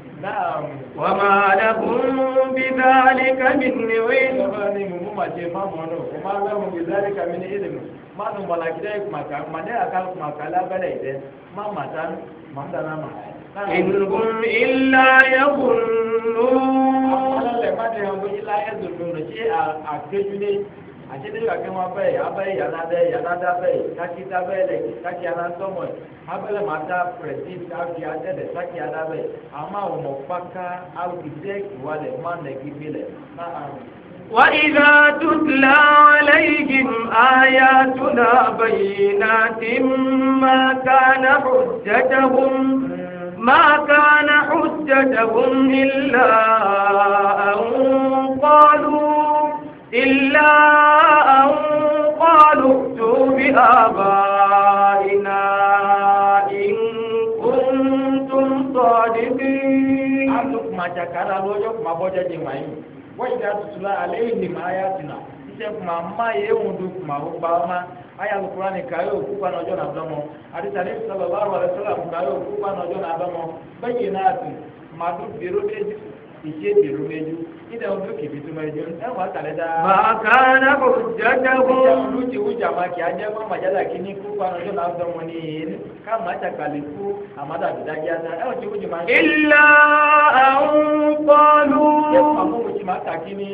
Speaker 1: na'am wa bi na ma in hum a àtẹ́tẹ́ kàkí wọn abẹ́ yìí abẹ́ yìí anadẹ́ yìí anadẹ́ abẹ́ yìí kákí dábẹ́ lẹ̀ kákí anasọ́mọ̀ abẹ́lẹ̀ máa dá pẹ̀lẹ́dìf káfí adẹ́lẹ̀ kákí adabẹ́ àmọ́ àwọn ọmọ pàkà alùpùpù wà lẹ̀ má nẹ̀gí bí lẹ̀ náà. وإذا تتلى عليهم آياتنا بينات ما كان حجتهم ما كان حجتهم إلا أن قالوا إلا أن قالوا ائتوا بآبائنا إن كنتم صادقين أنتم ما جكرا لوجك ما بوجد مايم وإذا تتلى عليهم آياتنا ma ma ye ŋudu ma ko gbama aya lukura ni ka yoo kuka n'ɔjɔ na dɔmɔ adisa ni sɔlɔlɔ awɔlɛ sɔlɔ ka yoo kuka na dɔmɔ ma du biro ìṣe ilẹ̀ ọdún kìbí tó máa jẹun ẹ wà kàlẹ́ dáa. màkà náà kò jẹ́jẹ́ kó. lùtì wújà máa kì á jẹ́ kó àmà yálà kí ní kú fanu tó náà sọ wọn nìyẹn ká máa ṣàkàlẹ̀ kú àmà tàbí dájá náà ẹ wọ́n ti wújì máa. ìlà àwọn pọ́lù. ẹ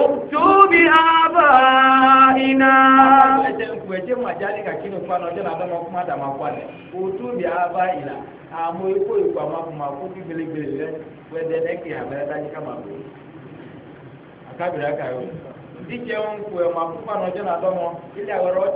Speaker 1: Òtú bí a bá Ẹ̀jẹ̀ ń ẹ̀jẹ̀ màjá ní kàkí ní fún ọjọ́ náà lọ́mọ àdàmà fún àlẹ̀. Òtú bí ìlà. Àmọ́ ikú ìkú àmọ́ àfọmọ́ àkó bí gbélégbélé rẹ̀ wẹ́dẹ́ lẹ́kì àbẹ̀rẹ̀ ká máa bẹ̀rẹ̀. Àkábìrẹ̀ àkàyọ̀. Ìdíje ń fún ẹ̀ máa fún ọjọ́ náà lọ́mọ ilé àwẹ̀rẹ̀